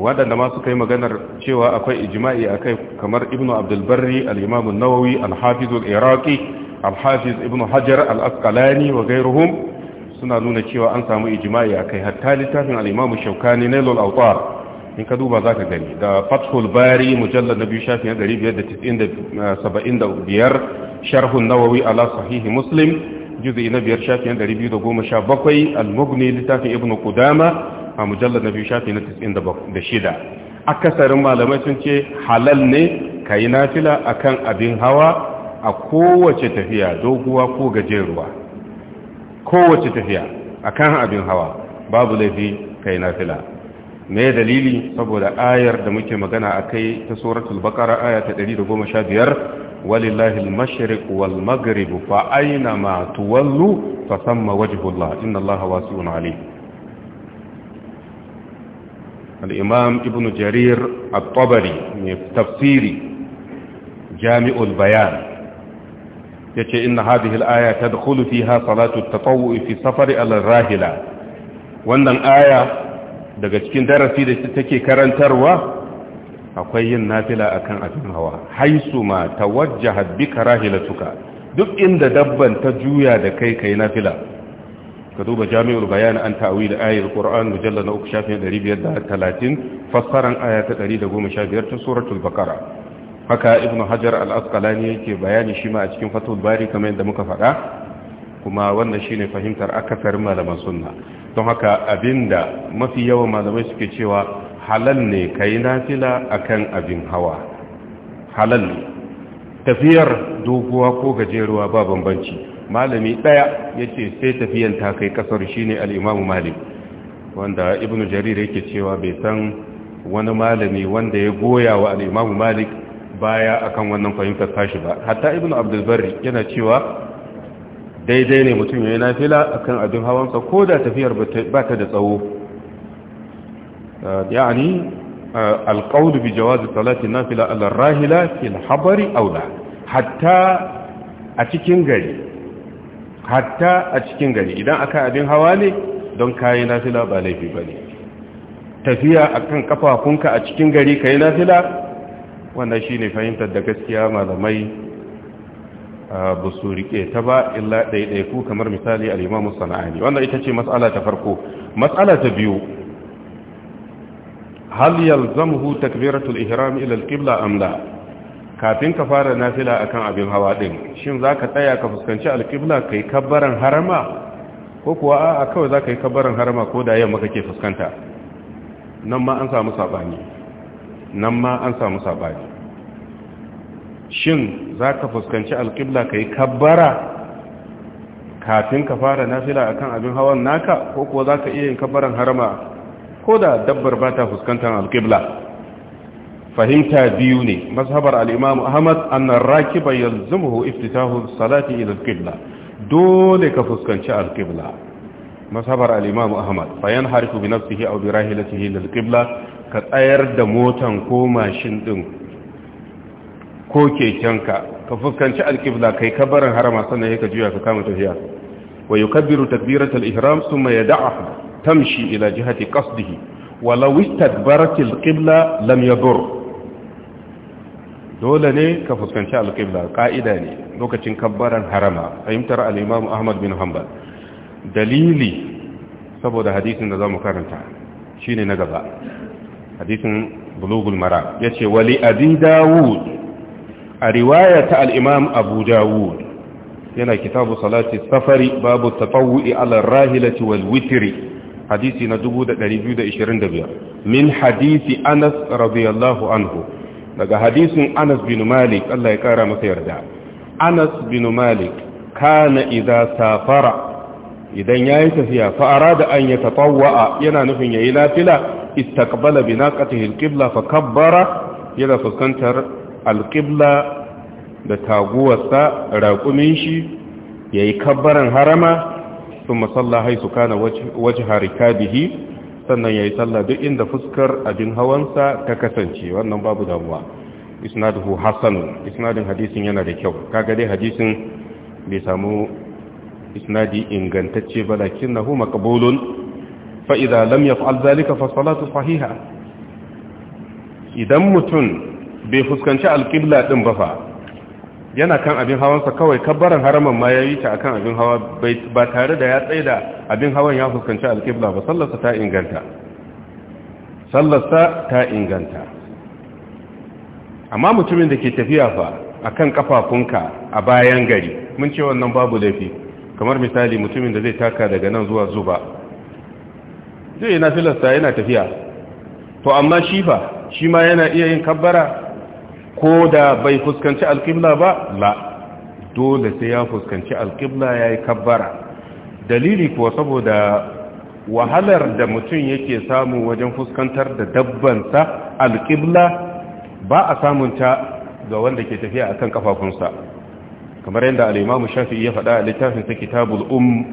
waɗanda masu kai maganar cewa akwai ijima'i kai kamar ibnu abdulbarri al-imam nawawi al-hafiz al-iraqi al-hafiz ibnu hajar al-asqalani wa ghayruhum suna nuna cewa an samu ijima'i kai hatta littafin al-imam shaukani nailul awtar in ka duba za ka gani da fathul bari mujallad nabi shafi 575 eh, sharhun nawawi ala sahihi muslim juz'i na biyar shafi 217 al-mughni littafin ibnu qudama a mujallar na biyu shafi na 96 akasarin malamai sun ce halal ne ka yi nafila a kan abin hawa a kowace tafiya doguwa ko gajeruwa kowace tafiya a kan abin hawa babu laifi ka yi nafila me dalili saboda ayar da muke magana a kai ta suratul bakara aya ta 115 walillahi al-mashriq wal maghrib fa aina ma tuwallu fa thumma wajhullah inna allaha wasi'un alim al'imam ibn jarir al-tabari mai tafsiri jami'ul bayan ya ce ina hadihil aya ta da kulufi ha salatu ta tsawo fi safari al-rahila wannan aya daga cikin darasi da take karantarwa akwai yin nafila akan abin hawa haisuma ta ta wajja hadbika rahilatuka duk inda dabban ta juya da kai kai nafila ka duba jami'ul bayan an ta'awi da ayar quran mujallar na uku shafin 530 fassaran aya ta 115 ta suratul bakara haka ibnu hajar al-asqalani yake bayani shi ma a cikin fatul bari kamar yadda muka faɗa kuma wannan shine fahimtar akasarin malaman sunna don haka abinda mafi yawan malamai suke cewa halal ne kai nafila akan abin hawa halal tafiyar doguwa ko gajeruwa ba bambanci malami daya yake sai tafiyan ta kai kasar shine al-Imam Malik wanda Ibn Jarir yake cewa bai san wani malami wanda ya goya wa al-Imam Malik baya akan wannan fahimtar tashi ba hatta Ibn Abdul yana cewa daidai ne mutum ya yi nafila akan abin hawan hawansa da tafiyar ba ta da tsawo uh, yani القول بجواز صلاة النافلة على rahila, في aula hatta a cikin gari. hatta a cikin gari idan aka abin hawa ne don kayi nafila ba laifi ba ne tafiya akan kafafunka a cikin gari ka yi nafila wannan shi ne fahimtar da gaskiya malamai ba su ta ba illa ku kamar misali al'imamu sana'ani wannan ita ce mas'ala ta farko matsala ta biyu hal yalzamhu takbiratul ihram ila al-qibla am la kafin ka fara nafila akan abin hawa din shin zaka tsaya ka fuskanci alqibla kai kabbaran harama ko kuwa a'a kawai zaka yi kabbaran harama ko da yamma kake fuskanta nan ma an samu sabani nan ma an samu sabani shin zaka fuskanci alqibla kai kabbara kafin ka fara nafila akan abin hawan naka ko kuwa zaka iya yin kabbaran harama ko da dabbar ba ta fuskantar alqibla fahimta biyu ne mazhabar al-imam ahmad anna rakiba yalzumuhu iftitahu salati ila qibla dole ka fuskanci al-qibla mazhabar al-imam ahmad fa yanharifu bi nafsihi aw bi rahilatihi ila al-qibla ka tsayar da motan ko mashin din ko kekenka ka fuskanci al-qibla kai kabarin harama sannan ka juya ka kama tafiya wa yukabbiru takbiratal ihram thumma yad'ahu tamshi ila jihati qasdihi ولو استدبرت القبلة لم يضر dole ne ka fuskanci alƙibla ƙa'ida ne lokacin kabbaran harama fahimtar al'imamu ahmad bin hanbal dalili saboda hadisin da za mu karanta shi ne na gaba hadisin bulugul mara ya ce wali abi dawud a riwaya ta al'imam abu dawud yana kitabu salati safari babu tafawu'i ala rahilati wal witiri hadisi na 2225 min hadisi anas radiyallahu anhu daga hadisin Anas bin Malik Allah ya kara masa yarda Anas bin Malik kana idza safara idan yayi tafiya fa arada an yatatawwa yana nufin yayi lafila istaqbala bi naqatihi alqibla fa kabbara yana fuskantar alqibla da taguwarsa raƙumin shi yayi kabbaran harama ثم masallahai su kana وجه, وجه sannan ya yi sallah duk inda fuskar abin hawansa ta kasance wannan babu damuwa isnaduhu hasanu isnadin hadisin yana da kyau kaga dai hadisin bai samu isnadi ingantacce ba lakinnahu maqbulun fa idza lam fa’al zalika fa salatu sahiha idan mutum bai fuskanci alqibla ɗin ba fa yana kan abin hawansa kawai kabbaran haraman ma ya yi ta akan abin hawa ba tare da ya tsaye da abin hawan ya fuskanci alƙibla ba sallarsa ta inganta sallarsa ta inganta amma mutumin da ke tafiya fa akan kafafunka a bayan gari mun ce wannan babu laifi kamar misali mutumin da zai taka daga nan zuwa zuba zai na filasta yana tafiya to amma shi shi ma yana iya yin kabbara ko da bai fuskanci alƙibla ba la dole sai ya fuskanci alƙibla ya yi kabbara dalili kuwa saboda wahalar da mutum yake samu wajen fuskantar da dabbansa alƙibla ba a samunta ga wanda ke tafiya a kan kafafunsa kamar yadda al'imamu shafi iya faɗa a littafinsa kitabul um,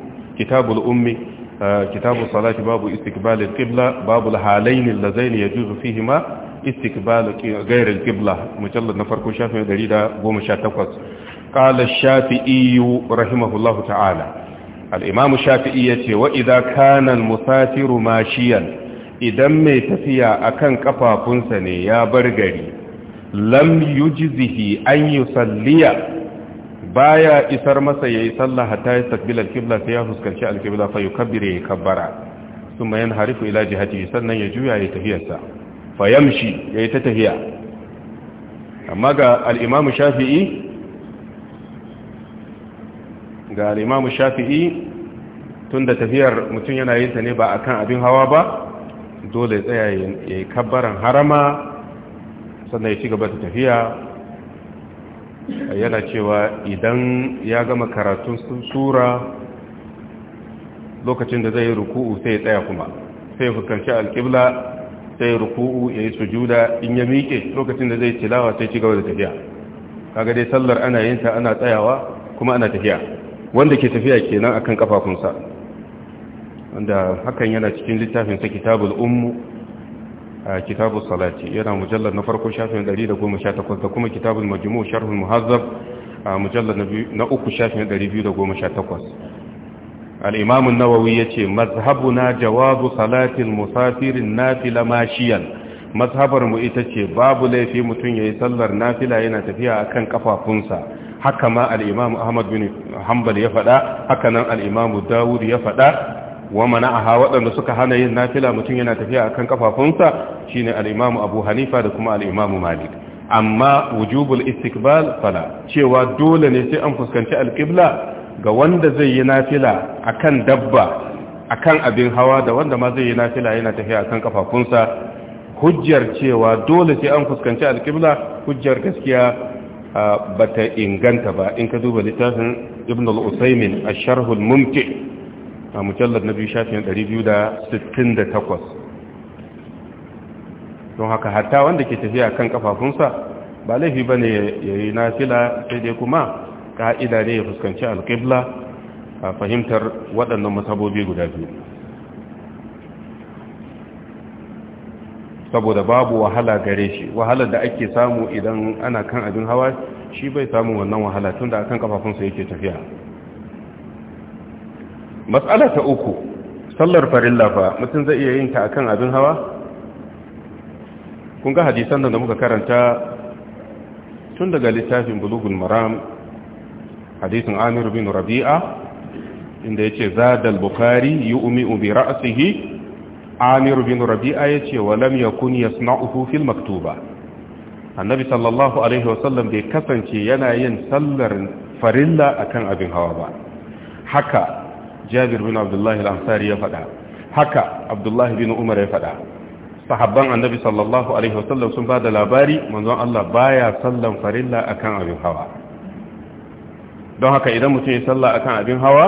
ummi eh, kitabul salati babu istikbalin ƙibla babu halainin lazaini ya juzu fihima istiqbalu ghairil qibla mujallad na farko shafi 118 qala shafi'i rahimahullahu ta'ala al-imam shafi'i yace wa idza kana al-musafiru mashiyan idan mai tafiya akan kafafunsa ne ya bar gari lam yujzihi an yusalliya baya isar masa yayi sallah hatta yastaqbil al-qibla sai ya fuskanci al-qibla fa yukabbir kabbara thumma yanharifu ila jihatihi sannan ya juya ya tafiyarsa fayamshi ya yi ta tafiya amma ga al'imamu shafi'i ga al'imamu shafi'i tun da tafiyar mutum yana yin ta ne ba a kan abin hawa ba dole tsaya ya yi kabbaran harama sannan ya ci gaba ta tafiya yana cewa idan ya gama karatun sura lokacin da zai yi ruku'u sai ya tsaya kuma sai fuskanci alƙibla sai ruku'u yi sujuda in ya miƙe lokacin da zai tilawa sai ci gaba da tafiya kaga dai sallar ana yin ta ana tsayawa kuma ana tafiya wanda ke tafiya kenan akan kafafunsa wanda hakan yana cikin littafin sa kitabul ummu a kitabus salati yana mujallar na farko shafin 118 da kuma kitabul majmu' sharhul muhazzab a mujallar na uku shafin 218 al nawawi ya ce yace na jawabu salatin musafirin nafila mashiyan mazhabar mu ita ce babu laifi ya yayi sallar nafila yana tafiya akan kafafunsa haka ma al-imam ahmad bin hanbal ya fada haka nan al dawud ya fada wa a waɗanda suka hana yin nafila mutum yana tafiya akan kafafunsa shine al-Imam Abu Hanifa da kuma al Malik amma wujubul istiqbal fala cewa dole ne sai an fuskanci al ga wanda zai yi nafila akan dabba akan abin hawa da wanda ma zai yi nafila yana tafiya kan kafafunsa hujjar cewa dole sai an fuskanci alƙibla hujjar gaskiya ba ta inganta ba in ka duba littafin ibn al-usaimin a sharhul mumti a mujallar na biyu shafin 268 don haka hatta wanda ke tafiya kan kafafunsa ba laifi ba ne ya yi nafila sai dai kuma ka'ida ne ya fuskanci alƙibla a fahimtar waɗannan masabobi guda biyu saboda babu wahala gare shi wahalar da ake samu idan ana kan abin hawa shi bai samu wannan wahala tun da akan kafafunsa yake tafiya matsala ta uku sallar farin lafa, mutum zai iya yin ta akan abin hawa kun ga hadisan da muka karanta tun daga littafin bulugul maram hadisin amir bin rabi'a inda yace zadal bukhari yu'mi'u bi ra'sihi amir bin rabi'a yace wa lam yakun yasna'uhu fil maktuba annabi sallallahu alaihi wasallam bai kasance yana yin sallar farilla akan abin hawa ba haka jabir bin abdullahi al-ansari ya faɗa haka abdullahi bin umar ya faɗa sahabban annabi sallallahu alaihi wasallam sun ba da labari manzon Allah baya sallan farilla akan abin hawa don haka idan mutum ya sallah akan abin hawa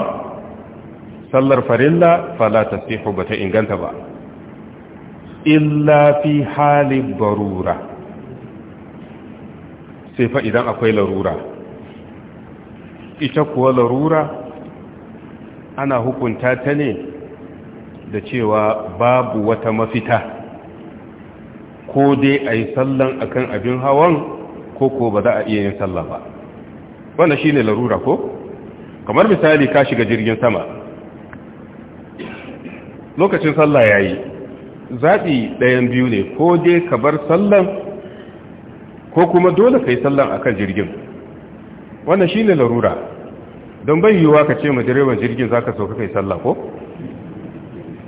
sallar farilla fala ba bata inganta ba illa fi hali barura sai fa idan akwai larura ita kuwa larura ana hukunta ta ne da cewa babu wata mafita ko dai a yi sallan akan abin hawan ko ko ba za a iya yin sallah ba wanda shine larura ko kamar misali ka shiga jirgin sama lokacin sallah yayi zabi ɗayan biyu ne ko dai ka bar sallan ko kuma dole kai sallan akan jirgin wannan shine larura don bai yiwuwa ka ce ma direban jirgin zaka sauka kai sallah ko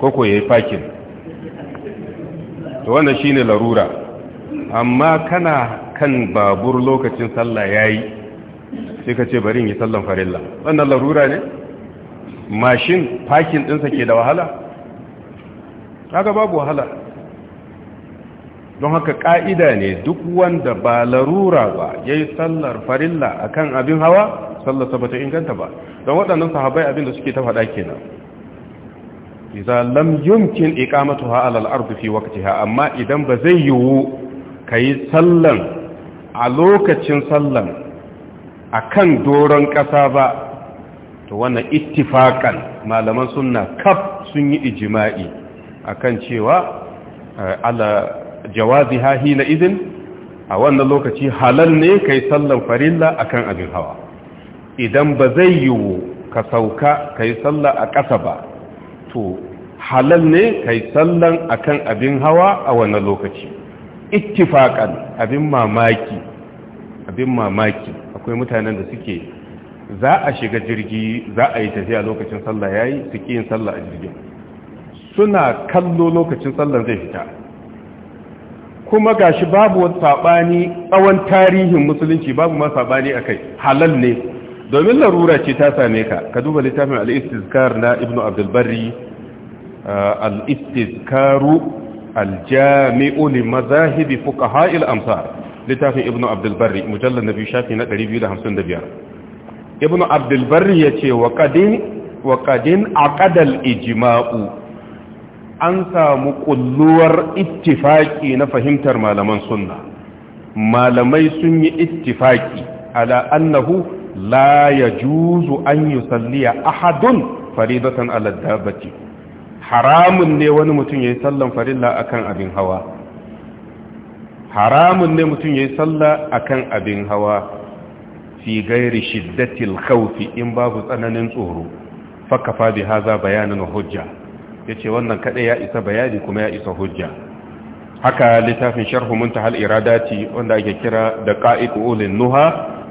ko ko yayi fakin to wannan shine larura amma kana kan babur lokacin sallah yayi sai ka ce bari in yi sallan farilla wannan larura ne mashin fakin ɗinsa ke da wahala Haka babu wahala don haka ƙa'ida ne duk wanda ba larura ba ya yi sallar farilla a kan abin hawa sallarsa ba ta inganta ba don waɗannan sahabai abin da suke ta faɗa kenan iza lam yumkin iqamatu ha alal ardi fi waqtiha amma idan ba zai yiwu kai sallan a lokacin sallan A kan doron ƙasa ba to wannan ittifakan malaman suna kaf sun yi ijima'i akan cewa eh, ala jawazi hahi na izin a wannan lokaci halal ne kai sallan farilla akan abin hawa idan ba zai yiwu ka sauka kai salla a ƙasa ba to halal ne kai sallan akan abin hawa a wannan lokaci ittifakan abin mamaki abin mamaki akwai mutanen da suke za a shiga jirgi za a yi tafiya lokacin sallah yayi su suke yin sallah a jirgin suna kallo lokacin sallah zai fita kuma gashi babu wani sabani tsawon tarihin musulunci babu ma sabani kai halal ne domin larura ce ta same ka ka duba littafin al na ibnu abdul barri uh, al-istizkaru al-jami'u li amsar littafin ibn abdulbari mujallar na biyu shafi na 255 ibn abdulbari ya ce wa kadin aqadal ijima'u an samu kulluwar ittifaki na fahimtar malaman sunna malamai sun yi ittifaki ala annahu la juzu an yusalliya ahadun faridatan ala haramun ne wani mutum ya yi sallan farilla akan abin hawa haramun ne mutum ya yi sallah a kan abin hawa fi gairi shiddatil khawfi in babu tsananin tsoro fakafa bi haza bayanin hujja yace wannan kaɗai ya isa bayani kuma ya isa hujja haka littafin sharhu muntaha iradati wanda ake kira da qa'iqu ulin nuha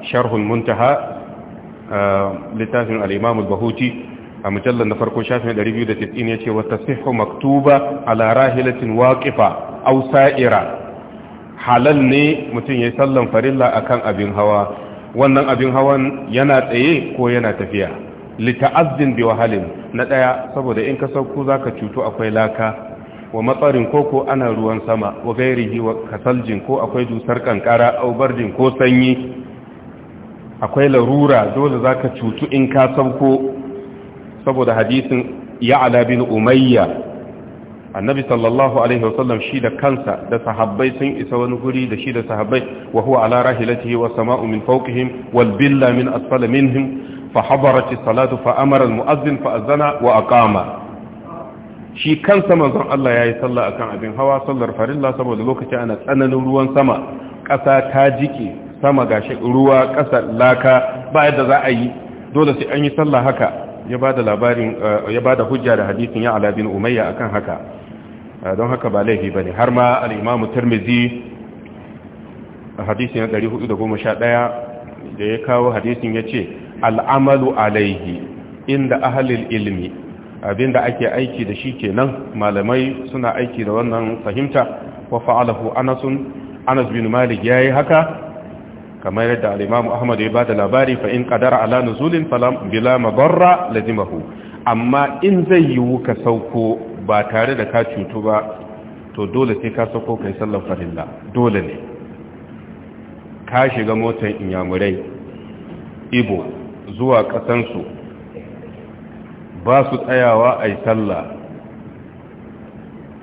sharhul muntaha littafin al-imam al-bahuti a mujallar na farko shafin 290 yace wa tasihhu maktuba ala rahilatin waqifa aw sa'ira halal ne mutum ya yi sallan farilla kan abin hawa wannan abin hawan yana tsaye ko yana tafiya lita'azzin bi wahalin na ɗaya saboda in ka sauko zaka cuto akwai laka wa matsarin koko ana ruwan sama wa gairihi wa kasaljin ko akwai dusar kankara au bardin ko sanyi akwai larura dole zaka cutu in ka sauko saboda hadisin ya bin umayya annabi sallallahu alaihi wasallam shi da kansa da sahabbai sun isa wani guri da shi da sahabbai wa huwa ala rahilatihi was sama'u min fawqihim wal billa min asfala minhum fa as-salatu fa amara al-mu'adhdhin fa azana wa aqama shi kansa manzon Allah yayi sallah akan abin hawa sallar farilla saboda lokacin ana tsananin ruwan sama ƙasa ta jike sama gashi ruwa ƙasa laka ba yadda za a yi dole sai an yi sallah haka ya bada labarin ya da hujja da hadisin ya ala bin umayya akan haka Ah, don haka ba laifi ba ne har ma al-Imam Tirmidhi ɗari 411 da ya kawo hadisin yace ce al’amalu alaihi inda ahalil ilmi abinda ake aiki da shi kenan malamai suna aiki da wannan fahimta wa fa'alahu Anas Anas bin Malik ya yi haka kamar yadda al'imamu ahmad ya ba da labari fain in ƙadara ala nuzulin bila mabarra lazimahu amma in zai yiwu ka sauko ba tare da ka cutu ba to dole sai ka sako kai sallar farilla dole ne ka shiga motar inyamurai ibo zuwa kasansu ba su tsayawa a yi sallah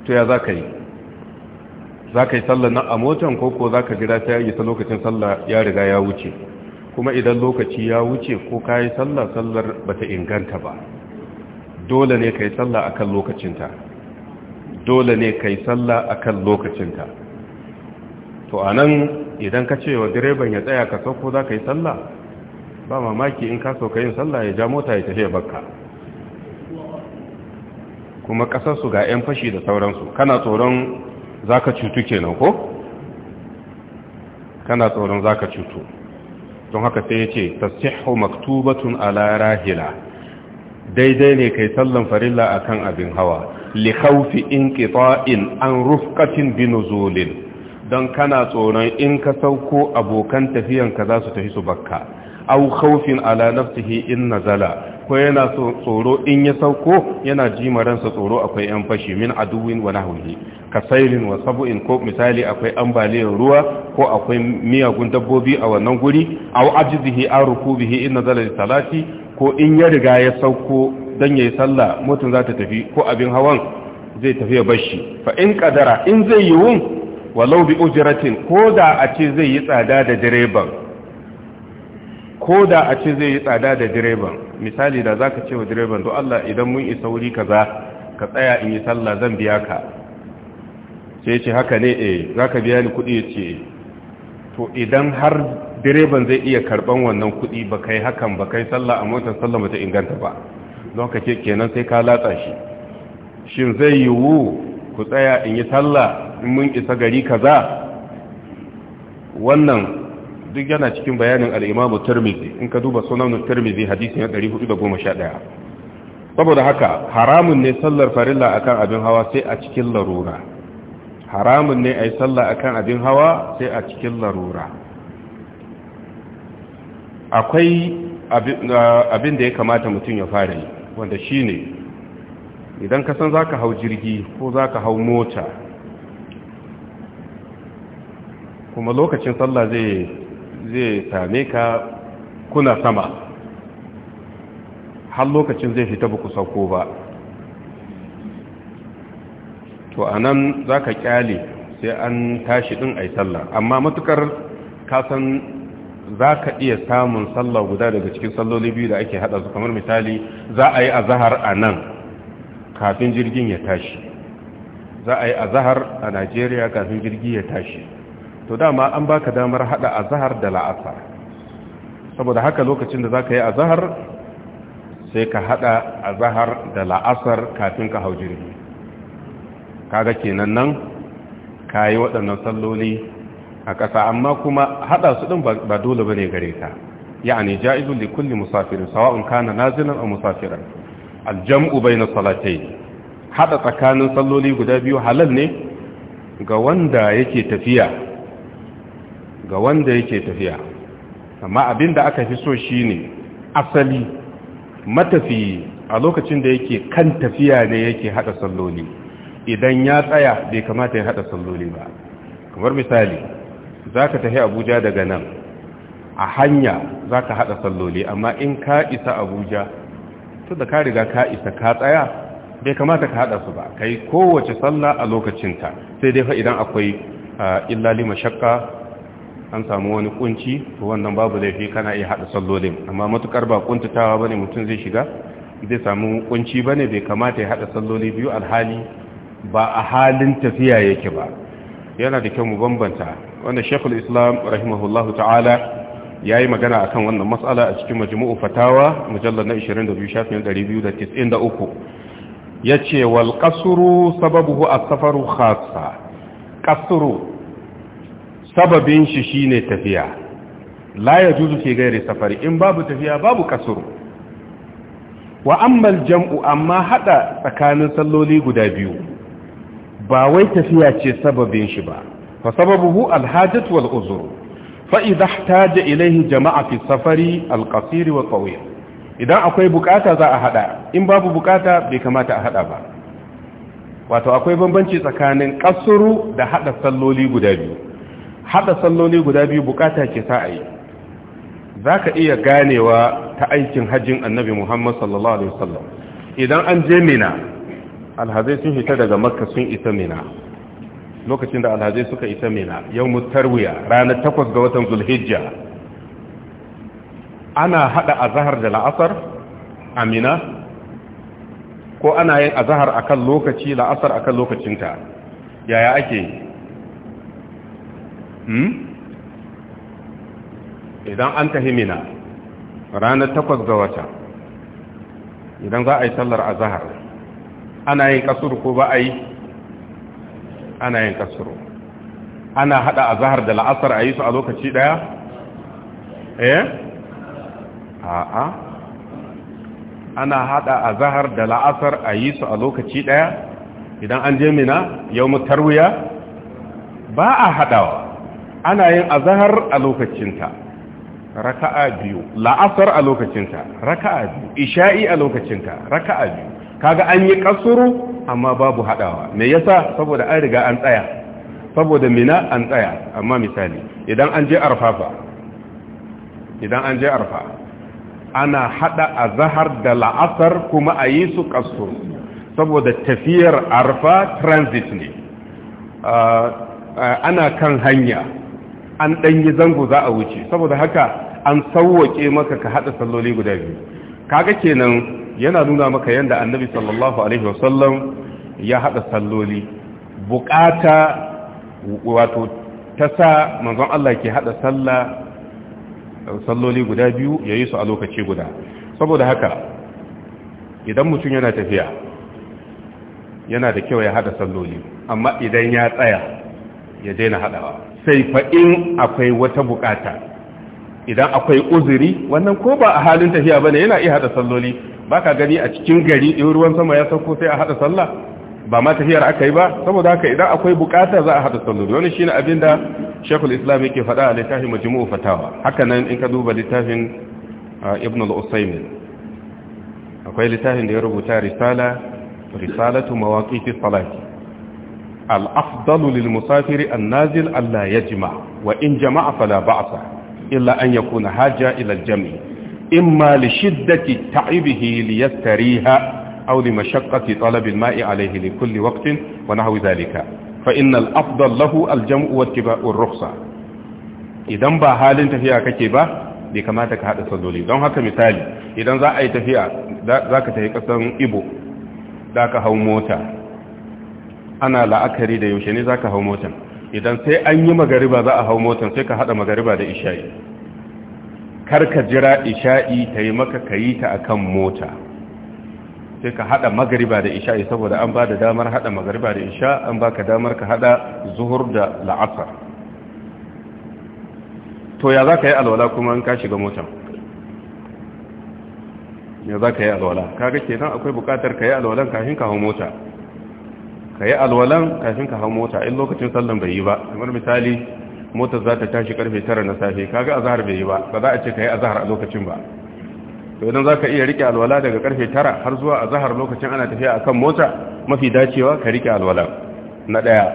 to ya za ka yi za ka yi sallah na a motar koko za ka jira sai yi ta lokacin sallah ya riga ya wuce kuma idan lokaci ya wuce ko ka yi sallah sallar ba ta inganta ba dole ne ka kai sallah kan lokacinta dole ne ka tsalla sallah kan lokacinta to a nan idan ka ce wa direban ya tsaya ka sauko za ka yi sallah ba mamaki in ka sauka yin sallah ya ja mota ya tafiya baka. kuma kasarsu ga 'yan fashi da sauransu kana tsoron za ka cutu kenan ko? kana tsoron za ka cutu don haka sai ya ce tasihu maktubatun ala rahila daidai ne kai sallan farilla akan abin hawa li khawfi inqita'in an rufqatin binuzulin don kana tsoron in ka sauko abokan tafiyanka za su tafi su bakka au khawfin ala nafsihi in nazala ko yana tsoro in ya sauko yana jimaransa tsoro akwai yan fashi min aduwin wa nahwihi sailin wa sabu'in ko misali akwai ambaliyar ruwa ko akwai miyagun dabbobi a wannan guri aw ajzihi aw bihi in nazala salati ko in ya riga ya sauko don ya yi sallah mutum za ta tafi ko abin hawan zai tafi ya bashi fa in kadara in zai yi wun walau bi ujiratin ko da a ce zai yi tsada da direban ko a ce zai yi tsada da direban misali da za ka ce wa direban to Allah idan mun isa wuri kaza ka tsaya in yi sallah zan biya ka sai ce haka ne eh za ka biya ni kuɗi ce to idan har direban zai iya karban wannan kudi ba kai hakan ba kai sallah a motar sallah mata ta inganta ba don ka kenan sai ka latsa shi shin zai yiwu ku tsaya in yi sallah in mun isa gari kaza wannan duk yana cikin bayanin al'imamu turmizi in ka duba sunan turmizi hadisi na 411 saboda haka haramun ne sallar farilla akan abin hawa sai a cikin larura haramun ne a yi sallah akan abin hawa sai a cikin larura akwai ah, abin da ya kamata mutum ya fara yi wanda shi ne idan ka san za ka hau jirgi ko za ka hau mota kuma lokacin sallah zai same ka kuna sama har lokacin zai fita ba ku sauko ba to a nan za ka kyale sai an tashi ɗin a yi sallah amma matukar kasan za ka iya samun sallah guda daga cikin salloli biyu da ake haɗa su kamar misali za a yi a Zahar a nan kafin jirgin ya tashi za a yi a Zahar a najeriya kafin jirgi ya tashi to dama an baka damar hada Zahar da la'asar saboda haka lokacin da za ka yi a Zahar sai ka hada Zahar da la'asar kafin ka hau jirgi kaga kenan nan ka yi waɗannan salloli a ƙasa amma kuma haɗa su ɗin ba dole ba ne gare ka yani ja'izun li kulli musafirin sawa'un kana nazilan aw musafiran aljam'u bayna salatayn hada tsakanin salloli guda biyu halal ne ga wanda yake tafiya ga wanda yake tafiya amma abinda aka fi so shine asali matafi a lokacin da yake kan tafiya ne yake haɗa salloli idan ya tsaya bai kamata ya haɗa salloli ba kamar misali za ka tafi abuja daga nan a hanya za ka haɗa salloli amma in ka isa abuja to da ka riga ka isa ka tsaya bai kamata ka haɗa su ba ka yi kowace salla a lokacinta sai dai fa idan akwai illali mashakka an samu wani kunci to wannan babu laifi kana iya haɗa sallolin amma matukar ba kuntatawa bane mutum zai shiga zai samu kunci bane bai kamata ya haɗa salloli biyu alhali ba a halin tafiya yake ba yana da kyau mu bambanta wanda shekul islam rahimahullahu ta'ala ya yi magana a kan wannan matsala a cikin majmu'u fatawa mujallar na 22 shafin 293 ya ce wal kasuru sababu a safaru khasa kasuru sababin shi shi ne tafiya la ya juzu ke gairi safari in babu tafiya babu kasuru wa ammal jam'u amma hada tsakanin salloli guda biyu ba wai tafiya ce sababin shi ba fa sababuhu alhajatu wal uzru fa idha ihtaja ilayhi jama'a fi safari alqasir wa tawil idan akwai bukata za a hada in babu buƙata bai kamata a haɗa ba wato akwai bambanci tsakanin kasuru da hada salloli guda biyu hada salloli guda biyu buƙata ke sa ayi zaka iya ganewa ta aikin hajjin annabi Muhammad sallallahu alaihi wasallam idan an je mina alhazai sun fita daga makka sun isa mina lokacin da alhazai suka isa mina yau mutarwiya ranar takwas ga watan zulhijja ana hada azahar da la'asar a mina ko ana yin azahar akan lokaci la'asar akan lokacinta yaya ake hmm? idan an tahi mina ranar takwas ga wata idan za a yi sallar azahar ana yin kasur ko ba a yi ana yin kasuru ana hada a zahar da la'asar a yi su a lokaci daya eh a'a ana hada a zahar da la'asar a yi su a lokaci daya idan an je mina yau mutarwiya ba a hadawa ana yin a zahar a lokacinta raka'a biyu la'asar a lokacinta raka'a biyu isha'i a lokacinta raka'a biyu kaga an yi kasuru amma babu hadawa me yasa saboda an riga an tsaya saboda mina an tsaya amma misali idan an je arfafa idan an je arfa ana hada azhar da la'asar kuma a yi su kasur saboda tafiyar arfa transit ne ah, ana kan hanya an ɗanyi zango za a wuce saboda haka an sauwake maka ka hada salloli guda biyu kaga kenan yana nuna maka yadda annabi sallallahu alaihi wasallam ya haɗa salloli bukata wato ta sa manzon Allah ke haɗa salloli guda biyu ya yi su a lokaci guda saboda haka idan mutum yana tafiya yana da kyau ya haɗa salloli amma idan ya tsaya ya daina haɗawa sai fa'in akwai wata buƙata idan akwai uzuri wannan ko ba a halin tafiya ba ne yana iya haɗa salloli ka gani a cikin gari in ruwan sama ya sauko sai a haɗa sallah ba ma tafiyar aka yi ba saboda haka idan akwai bukata za a hada salloli wani shine abin da Sheikhul Islam yake faɗa a littafin Majmu'u Fatawa haka nan in ka duba littafin uh, Ibn al-Usaymin akwai littafin da ya rubuta risala risalatu mawaqiti salati al-afdalu lil musafiri an-nazil alla yajma wa in jama'a fala ba'sa illa an yakuna haja ila al-jam'i immali li shiddati ta'ibihi li yastariha aw li mashaqqati talab al-ma'i alayhi li kulli waqtin wa nahwi dhalika fa inna al-afdal lahu al-jam'u idan ba halin tafiya kake ba bai kamata ka hada salloli don haka misali idan za a yi tafiya za ka tafi kasan ibo za ka hau mota ana la'akari da yaushe ne za ka hau motan idan sai an yi magariba za a hau motan sai ka haɗa magariba da ishayi. karka jira isha'i ta yi maka ka yi ta akan mota sai ka hada magariba da isha'i saboda an ba da damar hada magariba da isha an ba ka damar ka hada zuhur da la'asar to ya za ka yi alwala kuma an ka shiga motan ya za ka yi alwala kaga kenan akwai bukatar ka yi alwalan kafin ka hau mota ka yi alwalan kafin ka hau mota in lokacin sallan bai yi ba kamar misali motar za ta tashi karfe 9 na safe kaga azhar bai yi ba ba za a ce kai azhar a lokacin ba to idan zaka iya rike alwala daga karfe 9 har zuwa azhar lokacin ana tafiya akan mota mafi dacewa ka rike alwala na daya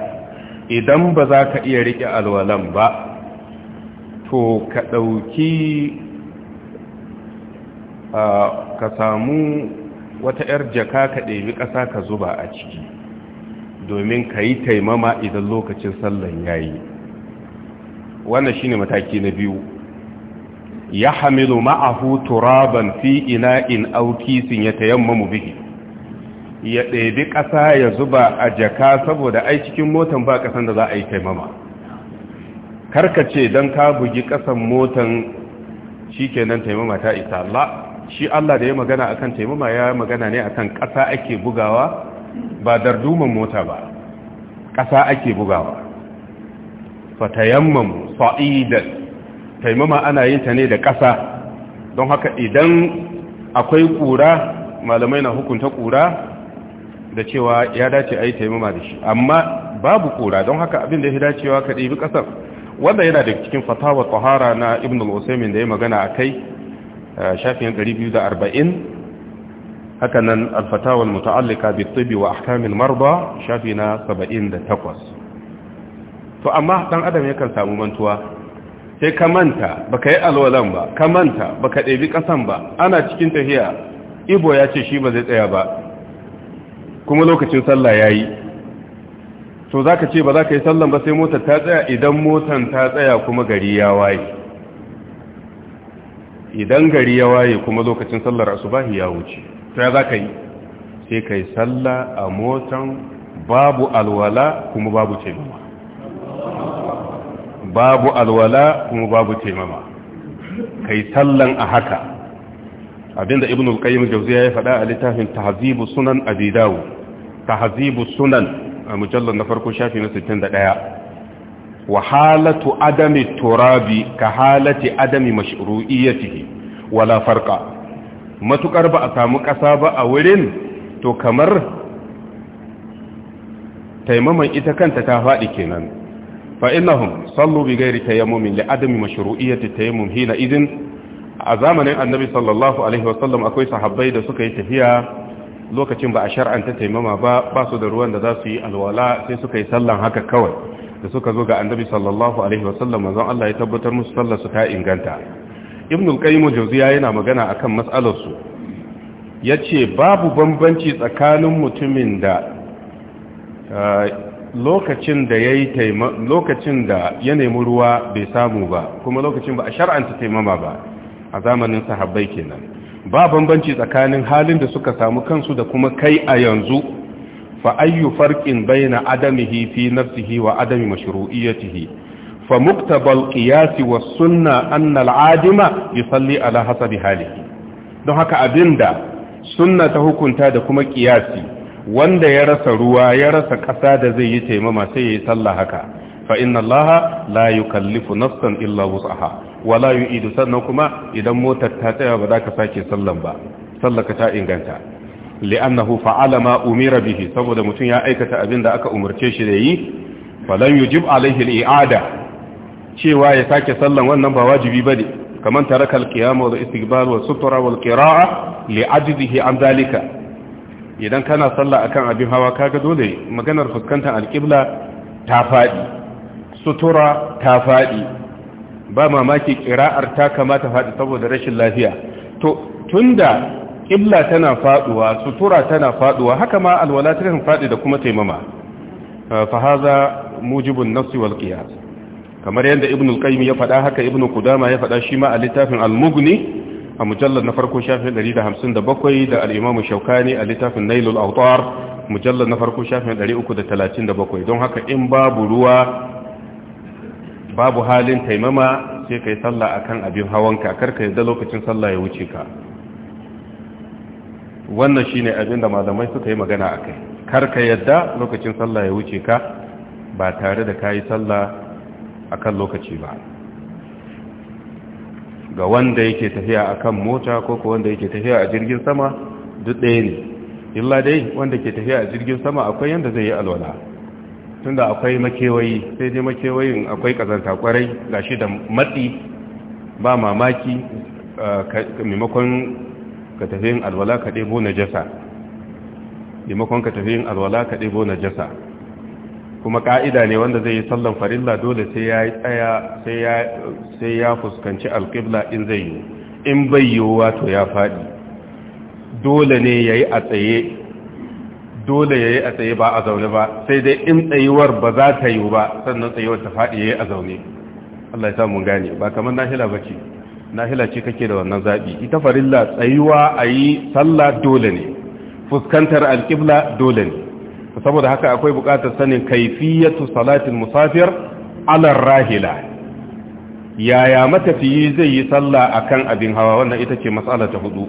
idan ba za ka iya rike alwalan ba to ka dauki ka samu wata 'yar jaka ka ɗebi ƙasa ka zuba a ciki domin ka yi taimama idan lokacin sallan yayi wannan shine mataki na biyu ya hamilu ma'ahu turaban fi auki aukisin ya tayammamu bihi ya ɗebi ƙasa ya zuba a jaka saboda ai cikin motan ba ƙasan da za a yi taimama ce don ka bugi ƙasan motan shi kenan taimama ta isa Allah shi Allah da ya magana akan taimama ya magana ne akan ƙasa ake bugawa ba duman mota ba ƙasa ake bugawa fatayammamu sa'idan taimama ana yin ta ne da ƙasa don haka idan akwai ƙura malamai na hukunta ƙura da cewa ya dace a yi taimama da shi amma babu ƙura don haka abin da ya dacewa ka ɗibi ƙasar wanda yana da cikin fatawa tsohara na ibn al-usaimin da ya magana a kai shafin 240 arba'in hakanan alfatawar mutu'allika bi tibi wa ahkamil marba shafi na 78 to amma dan adam yakan samu mantuwa sai ka manta baka yi alwalan ba ka manta baka ɗebi ƙasan ba ana cikin tafiya ibo ya ce shi ba zai tsaya ba kuma lokacin sallah ya yi to za ka ce ba za ka yi sallan ba sai motar ta tsaya idan motar ta tsaya kuma gari ya waye idan gari ya waye kuma lokacin sallar asubahi ya wuce to ya za ka yi sai ka yi sallah a motan babu alwala kuma babu cewa babu alwala kuma babu taimama kai sallan a haka abinda ibn al-qayyim jawziya ya faɗa a littafin tahzibu sunan abi dawud tahzibu sunan a mujallar na farko shafi na 61 wa halatu adami turabi ka halati adami mashru'iyyatihi wala farqa matukar ba a samu kasa ba a wurin to kamar taimaman ita kanta ta faɗi kenan fa innahum sallu bi ghairi tayammum li adami mashru'iyyati tayammum hina idin a zamanin annabi sallallahu alaihi wasallam akwai sahabbai da suka yi tafiya lokacin ba a shar'anta taimama ba ba su da ruwan da za su yi alwala sai suka yi sallan haka kawai da suka zo ga annabi sallallahu alaihi wasallam manzon Allah ya tabbatar musu sallar ta inganta ibn al-qayyim al yana magana akan mas'alar su yace babu bambanci tsakanin mutumin da lokacin da ya yi lokacin da ya nemi ruwa bai samu ba kuma lokacin ba a shar'anta taimama ba a zamanin sahabbai kenan ba bambanci tsakanin halin da suka samu kansu da kuma kai a yanzu fa ayyu farqin baina adamihi fi nafsihi wa adami mashru'iyyatihi fa muktabal qiyas wa sunna an al-adima yusalli ala hasabi halihi don haka abinda sunna ta hukunta da kuma qiyasi wanda ya rasa ruwa ya rasa ƙasa da zai yi taimama sai ya yi sallah haka fa inna allaha la yukallifu nafsan illa wus'aha wa la yu'idu sannan kuma idan motar ta tsaya ba za ka sake sallan ba sallaka ta inganta li'annahu fa'ala ma umira bihi saboda mutum ya aikata abin da aka umarce shi da yi falan yujib alaihi al'ada cewa ya sake sallan wannan ba wajibi bane kaman taraka al-qiyam wa istighbal wa sutra wal qira'a li ajzihi an dalika idan kana sallah akan abin hawa kaga dole maganar fuskantar alƙibla ta faɗi sutura ta faɗi ba mamaki ƙira'ar ta kamata faɗi saboda rashin lafiya to tunda ƙibla tana faɗuwa sutura tana faɗuwa haka ma alwala faɗi da kuma taimama fahaza mujibun nafsi wal qiyas kamar yadda Ibn al-qayyim ya faɗa haka ibnu qudama ya faɗa shi ma a littafin al-mughni a mujallar na farko shafin 157 da al'imamu shaukani a littafin nailul autar mujallar na farko shafin 337 don haka in babu ruwa babu halin taimama sai ka yi sallah a kan abin hawanka karka yadda lokacin sallah ya wuce ka wannan shi ne abin da malamai suka yi magana a kai karka yadda lokacin sallah ya wuce ka ba tare da ka yi sallah a kan lokaci ba ga wanda yake tafiya akan mota ko ko wanda yake tafiya a jirgin sama duk ɗaya ne illa dai wanda ke tafiya a jirgin sama akwai yanda zai yi alwala tunda akwai makewayi sai dai makewayin akwai kazanta kwarai gashi da matsi ba mamaki maimakon ka tafi alwala ka ɗebo na jasa maimakon ka alwala ka ɗebo na jasa kuma ka'ida ne wanda zai yi sallan farilla dole sai ya yi tsaya sai ya fuskanci alƙibla in zai yi in bai to ya faɗi dole ne ya yi a tsaye dole ya yi a tsaye ba a zaune ba sai dai in tsayuwar ba za ta yiwu ba sannan tsayuwar ta faɗi ya yi a zaune Allah ya sa mun gane ba kamar nahila ba ce nahila ce kake da wannan zaɓi ita farilla tsayuwa a yi sallah dole ne fuskantar alƙibla dole ne saboda haka akwai bukatar sanin kaifiyatu salatin musafir ala rahila yaya matafiyi zai yi sallah akan abin hawa wannan ita ce mas'ala ta hudu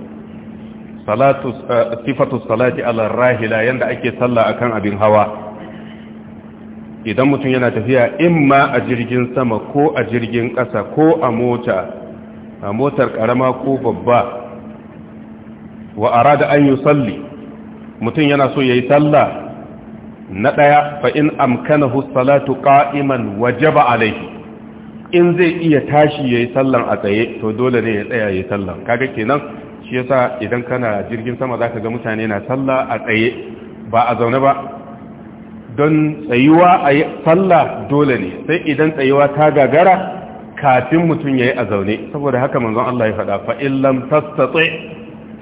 salatu eh, sifatu salati ala rahila yanda ake sallah akan abin hawa idan mutum yana tafiya imma a jirgin sama ko a jirgin ƙasa ko a mota a motar ƙarama ko babba wa arada an yi salli mutum yana so ya yi sallah na ɗaya fa in amkanahu salatu qa'iman wajaba laifi. in zai iya tashi yayi sallan a tsaye to dole ne ya tsaya yayi sallan kaga kenan shi yasa idan kana jirgin sama zaka ga mutane na salla a tsaye ba a zaune ba don tsayuwa a salla dole ne sai idan tsayuwa ta gagara kafin mutum yayi a zaune saboda haka manzon Allah ya faɗa fa in lam tastati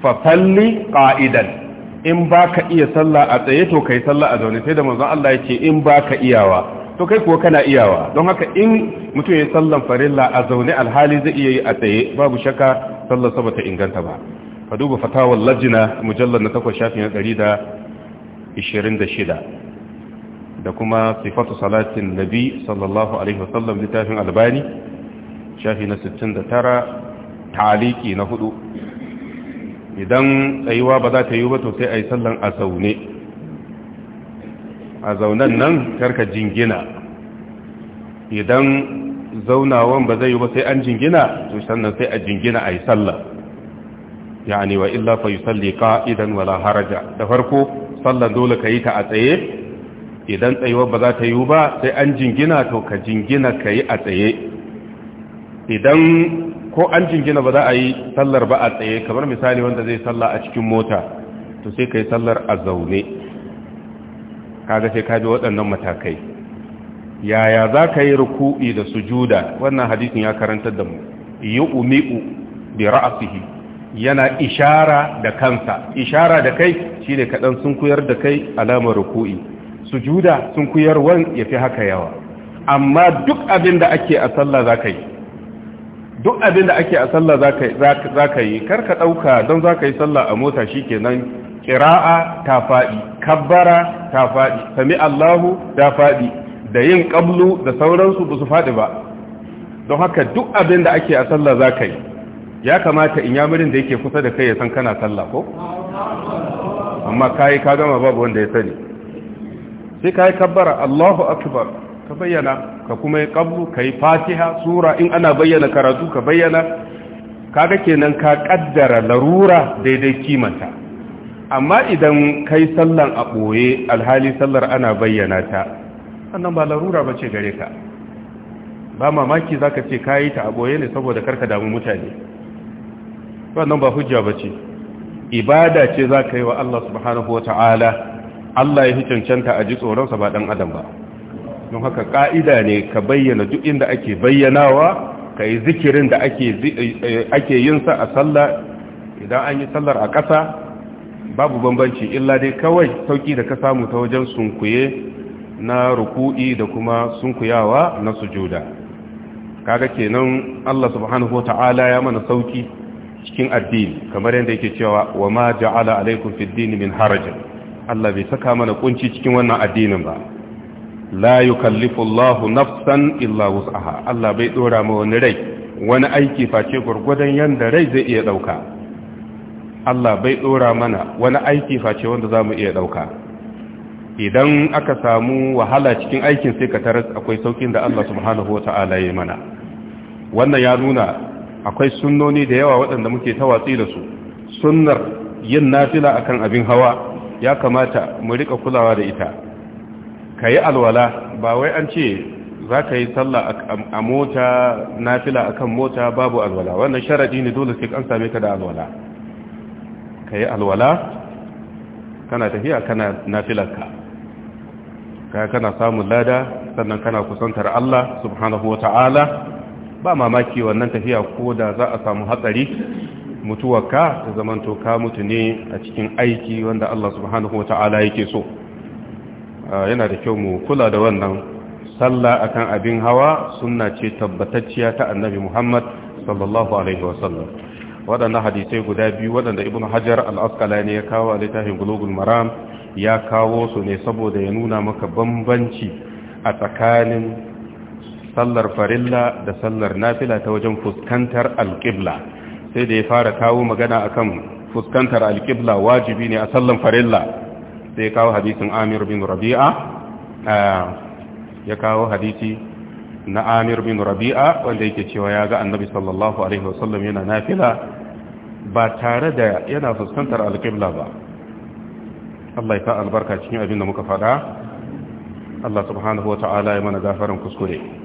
fa salli qa'idan in ba ka iya sallah a tsaye to kai sallah a zaune sai da manzon Allah ya ce in ba ka iyawa to kai kuwa kana iyawa don haka in mutum ya yi sallan farilla a zaune alhali zai iya yi a tsaye babu shakka sallar sa bata inganta ba fa duba fatawar lajina mujallar na takwas shafin ɗari da ishirin da shida da kuma sifatu salatin nabi sallallahu alaihi wasallam littafin albani shafi na sittin da tara taliki na hudu idan tsayuwa ba za ta yi ba to sai a yi sallan a zaune a zaunan nan karka jingina idan zaunawan ba zai yi ba sai an jingina to sannan sai a jingina a yi sallah yani wa illa fa yusalli qa'idan wala haraja da farko sallan dole ka yi ta a tsaye idan tsayuwa ba za ta yi ba sai an jingina to ka jingina ka yi a tsaye idan ko an jingina ba za a yi sallar ba a tsaye kamar misali wanda zai salla a cikin mota to sai ka yi sallar a zaune kaga sai ka bi waɗannan matakai yaya za ka yi ruku'i da sujuda wannan hadisin ya karantar da mu yi umi'u bi ra'asihi yana ishara da kansa ishara da kai shine kaɗan sun kuyar da kai alamar ruku'i sujuda sun kuyar ya fi haka yawa amma duk abin da ake a sallah za ka yi duk abin da ake a sallah za ka yi karka ɗauka don za ka yi sallah a mota shi kenan ƙira'a ta faɗi kabbara ta faɗi sami allahu ta faɗi da yin ƙablu da sauransu ba su faɗi ba don haka duk abin da ake a sallah za ka yi ya kamata in yamirin da yake kusa da kai ya san kana sallah ko amma kayi ka gama babu wanda ya sani sai kayi kabbara allahu akbar ka bayyana ka kuma yi ka yi fatiha sura in ana bayyana karatu ka bayyana kaga kenan ka kaddara larura daidai kimanta amma idan kai sallan a ɓoye alhali sallar ana bayyana ta sannan ba larura ba ce gare ka ba mamaki za ka ce ka yi ta a ɓoye ne saboda karka damu mutane sannan ba hujja ba ce ibada ce za ka yi wa Allah subhanahu wa Ta'ala Allah ya fi cancanta a ji tsoronsa ba ɗan adam ba don haka ka'ida ne ka bayyana duk inda ake bayyanawa ka yi zikirin da ake eh, eh, yinsa a sallah idan an yi sallar a ƙasa babu bambanci illa dai kawai sauki da ka samu ta wajen sunkuye na ruku'i da kuma sunkuyawa na sujuda kaga kenan Allah subhanahu wa ta'ala ya mana sauki cikin addini kamar yadda yake cewa wa ma ja'ala alaikum fid dini min haraj Allah bai saka mana ƙunci cikin wannan addinin ba la yukallifu Allahu nafsan illa wus'aha Allah bai dora ma wani rai wani aiki face gurgudan yanda rai zai iya dauka Allah bai dora mana wani aiki face wanda zamu iya dauka idan aka samu wahala cikin aikin sai ka taras akwai saukin da Allah subhanahu wata'ala ya mana wannan ya nuna akwai sunnoni da yawa waɗanda muke tawatsi da su sunnar yin nafila akan abin hawa ya kamata mu rika kulawa da ita ka yi alwala ba wai an ce za ka yi sallah a mota nafila a kan mota babu alwala wannan sharaɗi ne dole sai an same ka da alwala ka yi alwala kana tafiya kana nafilarka ka kana samun lada sannan kana kusantar Allah subhanahu ta'ala ba mamaki wannan tafiya ko da za a samu hatsari mutuwarka ka zamanto ka mutu ne a cikin aiki wanda Allah subhanahu ta'ala yake so Ah, yana da kyau mu kula da wannan sallah akan abin hawa sunna ce tabbatacciya ta annabi Muhammad sallallahu alaihi wasallam waɗannan hadisai guda biyu waɗanda ibn hajar al ne ya kawo a littafin bulugul maram ya kawo su ne saboda ya nuna maka bambanci a tsakanin sallar farilla da sallar nafila ta wajen fuskantar alƙibla sai da ya fara kawo magana akan fuskantar alƙibla wajibi ne a sallan farilla sai ya kawo hadisin amir bin rabi'a ya kawo hadisi na amir bin rabi'a wanda yake cewa ya ga annabi sallallahu alaihi wasallam yana nafila ba tare da yana fuskantar alƙibla ba Allah ya sa albarka cikin abin da muka faɗa Allah subhanahu wa ta'ala ya mana gafaran kuskure